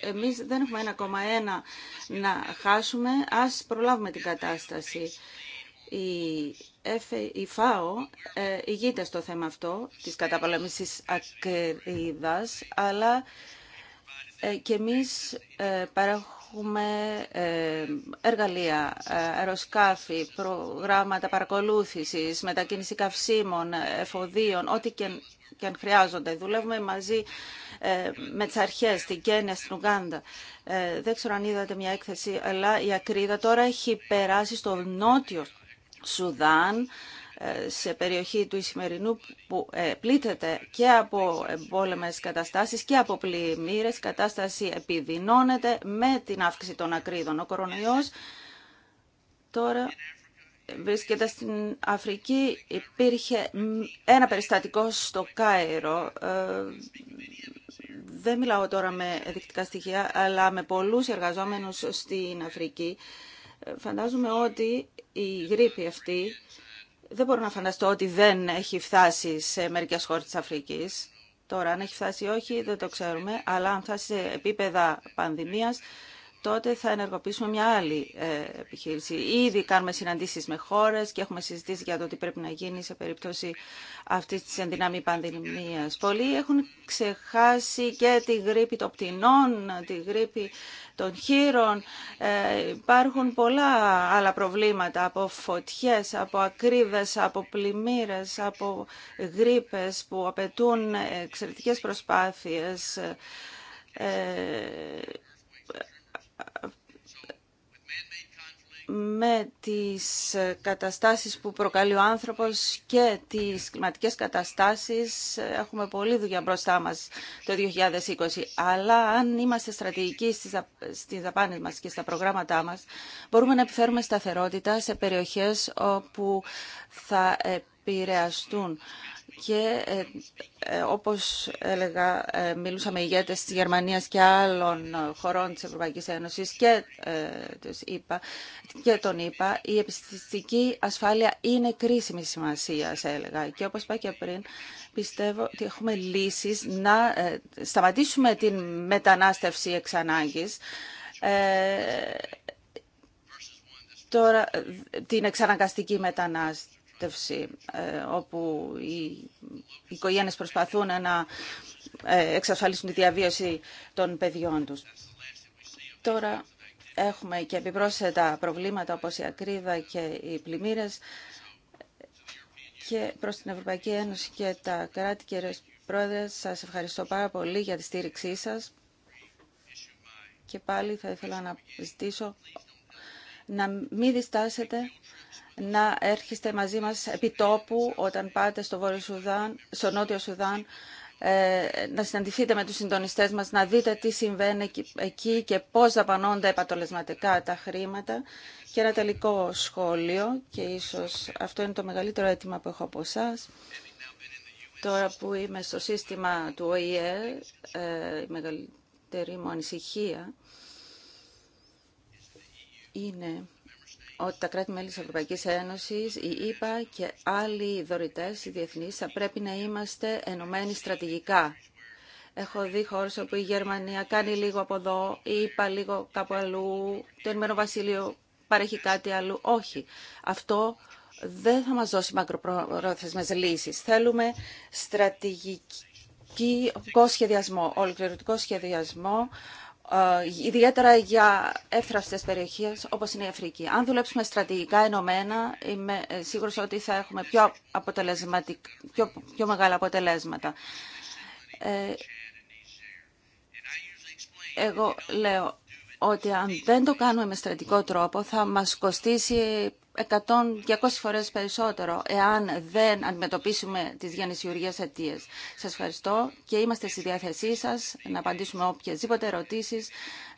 Ε, εμείς δεν έχουμε 1,1 να χάσουμε. Ας προλάβουμε την κατάσταση. Η ΦΑΟ ε, ηγείται στο θέμα αυτό της καταπολέμησης ακρίδας, αλλά ε, και εμείς ε, παρέχουμε ε, εργαλεία, αεροσκάφη, προγράμματα παρακολούθησης, μετακίνηση καυσίμων, εφοδίων, ό,τι και αν χρειάζονται. Δουλεύουμε μαζί με τις αρχές στην Κένια, στην Ουγγάντα. Δεν ξέρω αν είδατε μια έκθεση, αλλά η ακρίδα τώρα έχει περάσει στο νότιο Σουδάν σε περιοχή του Ισημερινού που ε, πλήττεται και από πόλεμες καταστάσεις και από πλημμύρες. κατάσταση επιδεινώνεται με την αύξηση των ακρίδων. Ο κορονοϊός τώρα βρίσκεται στην Αφρική. Υπήρχε ένα περιστατικό στο Κάιρο. Ε, δεν μιλάω τώρα με δεικτικά στοιχεία, αλλά με πολλούς εργαζόμενους στην Αφρική. Ε, φαντάζομαι ότι η γρήπη αυτή δεν μπορώ να φανταστώ ότι δεν έχει φτάσει σε μερικέ χώρε τη Αφρικής. Τώρα, αν έχει φτάσει ή όχι, δεν το ξέρουμε, αλλά αν φτάσει σε επίπεδα πανδημίας, τότε θα ενεργοποιήσουμε μια άλλη ε, επιχείρηση. Ήδη κάνουμε συναντήσεις με χώρες και έχουμε συζητήσει για το τι πρέπει να γίνει σε περίπτωση αυτής της ενδυνάμει πανδημίας. Πολλοί έχουν ξεχάσει και τη γρήπη των πτηνών, τη γρήπη των χείρων. Ε, υπάρχουν πολλά άλλα προβλήματα από φωτιές, από ακρίβες, από πλημμύρες, από γρήπες που απαιτούν εξαιρετικές προσπάθειες. Ε, με τις καταστάσεις που προκαλεί ο άνθρωπος και τις κλιματικές καταστάσεις έχουμε πολλή δουλειά μπροστά μας το 2020. Αλλά αν είμαστε στρατηγικοί στις δαπάνες μας και στα προγράμματά μας, μπορούμε να επιφέρουμε σταθερότητα σε περιοχές όπου θα επηρεαστούν και ε, ε, όπως έλεγα, ε, μιλούσα με ηγέτες της Γερμανίας και άλλων χωρών της Ευρωπαϊκής Ένωσης και, είπα, και τον είπα, η επιστημιστική ασφάλεια είναι κρίσιμη σημασία, έλεγα. Και όπως είπα και πριν, πιστεύω ότι έχουμε λύσεις να σταματήσουμε την μετανάστευση εξ ανάγκης. Τώρα, την εξαναγκαστική μετανάστευση ε, όπου οι οικογένειες προσπαθούν να ε, εξασφαλίσουν τη διαβίωση των παιδιών τους. Τώρα έχουμε και επιπρόσθετα προβλήματα όπως η ακρίδα και οι πλημμύρες και προς την Ευρωπαϊκή Ένωση και τα κράτη. Κύριε Πρόεδρε, σας ευχαριστώ πάρα πολύ για τη στήριξή σας και πάλι θα ήθελα να ζητήσω να μην διστάσετε να έρχεστε μαζί μας επί τόπου όταν πάτε στο, Βόρειο Σουδάν, στο Νότιο Σουδάν ε, να συναντηθείτε με τους συντονιστές μας, να δείτε τι συμβαίνει εκεί και πώς δαπανώνται επατολεσματικά τα χρήματα. Και ένα τελικό σχόλιο, και ίσως αυτό είναι το μεγαλύτερο αίτημα που έχω από εσά. Τώρα που είμαι στο σύστημα του ΟΗΕ, ε, η μεγαλύτερη μου ανησυχία είναι ότι τα κράτη-μέλη της Ευρωπαϊκής Ένωσης, η ΕΠΑ και άλλοι δωρητές, οι διεθνείς, θα πρέπει να είμαστε ενωμένοι στρατηγικά. Έχω δει χώρε όπου η Γερμανία κάνει λίγο από εδώ, η ΕΠΑ λίγο κάπου αλλού, το Ενωμένο Βασίλειο παρέχει κάτι αλλού. Όχι. Αυτό δεν θα μας δώσει μακροπρόθεσμες λύσεις. Θέλουμε στρατηγικό σχεδιασμό, ολοκληρωτικό σχεδιασμό ε, ιδιαίτερα για εύθραυστες περιοχές όπως είναι η Αφρική. Αν δουλέψουμε στρατηγικά ενωμένα, είμαι ε, σίγουρος ότι θα έχουμε πιο, αποτελεσματικ... πιο, πιο μεγάλα αποτελέσματα. Ε, εγώ λέω ότι αν δεν το κάνουμε με στρατικό τρόπο θα μας κοστίσει 100-200 φορές περισσότερο εάν δεν αντιμετωπίσουμε τις γεννησιουργίες αιτίε. Σας ευχαριστώ και είμαστε στη διάθεσή σας να απαντήσουμε οποιασδήποτε ερωτήσεις,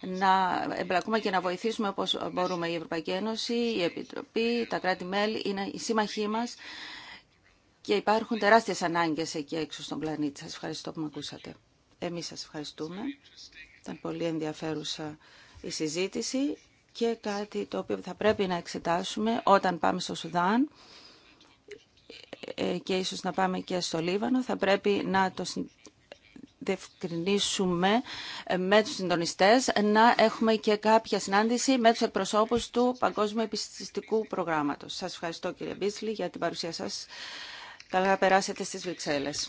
να εμπλακούμε και να βοηθήσουμε όπως μπορούμε η Ευρωπαϊκή Ένωση, η Επιτροπή, τα κράτη-μέλη, είναι οι σύμμαχοί μας και υπάρχουν τεράστιες ανάγκες εκεί έξω στον πλανήτη. Σας ευχαριστώ που με ακούσατε. Εμείς σας ευχαριστούμε. Ήταν πολύ ενδιαφέρουσα η συζήτηση και κάτι το οποίο θα πρέπει να εξετάσουμε όταν πάμε στο Σουδάν ε, και ίσως να πάμε και στο Λίβανο. Θα πρέπει να το διευκρινίσουμε ε, με τους συντονιστές να έχουμε και κάποια συνάντηση με τους εκπροσώπους του Παγκόσμιου Επιστημιστικού Προγράμματος. Σας ευχαριστώ κύριε Μπίσλη για την παρουσία σας. Καλά περάσετε στις Βρυξέλλες.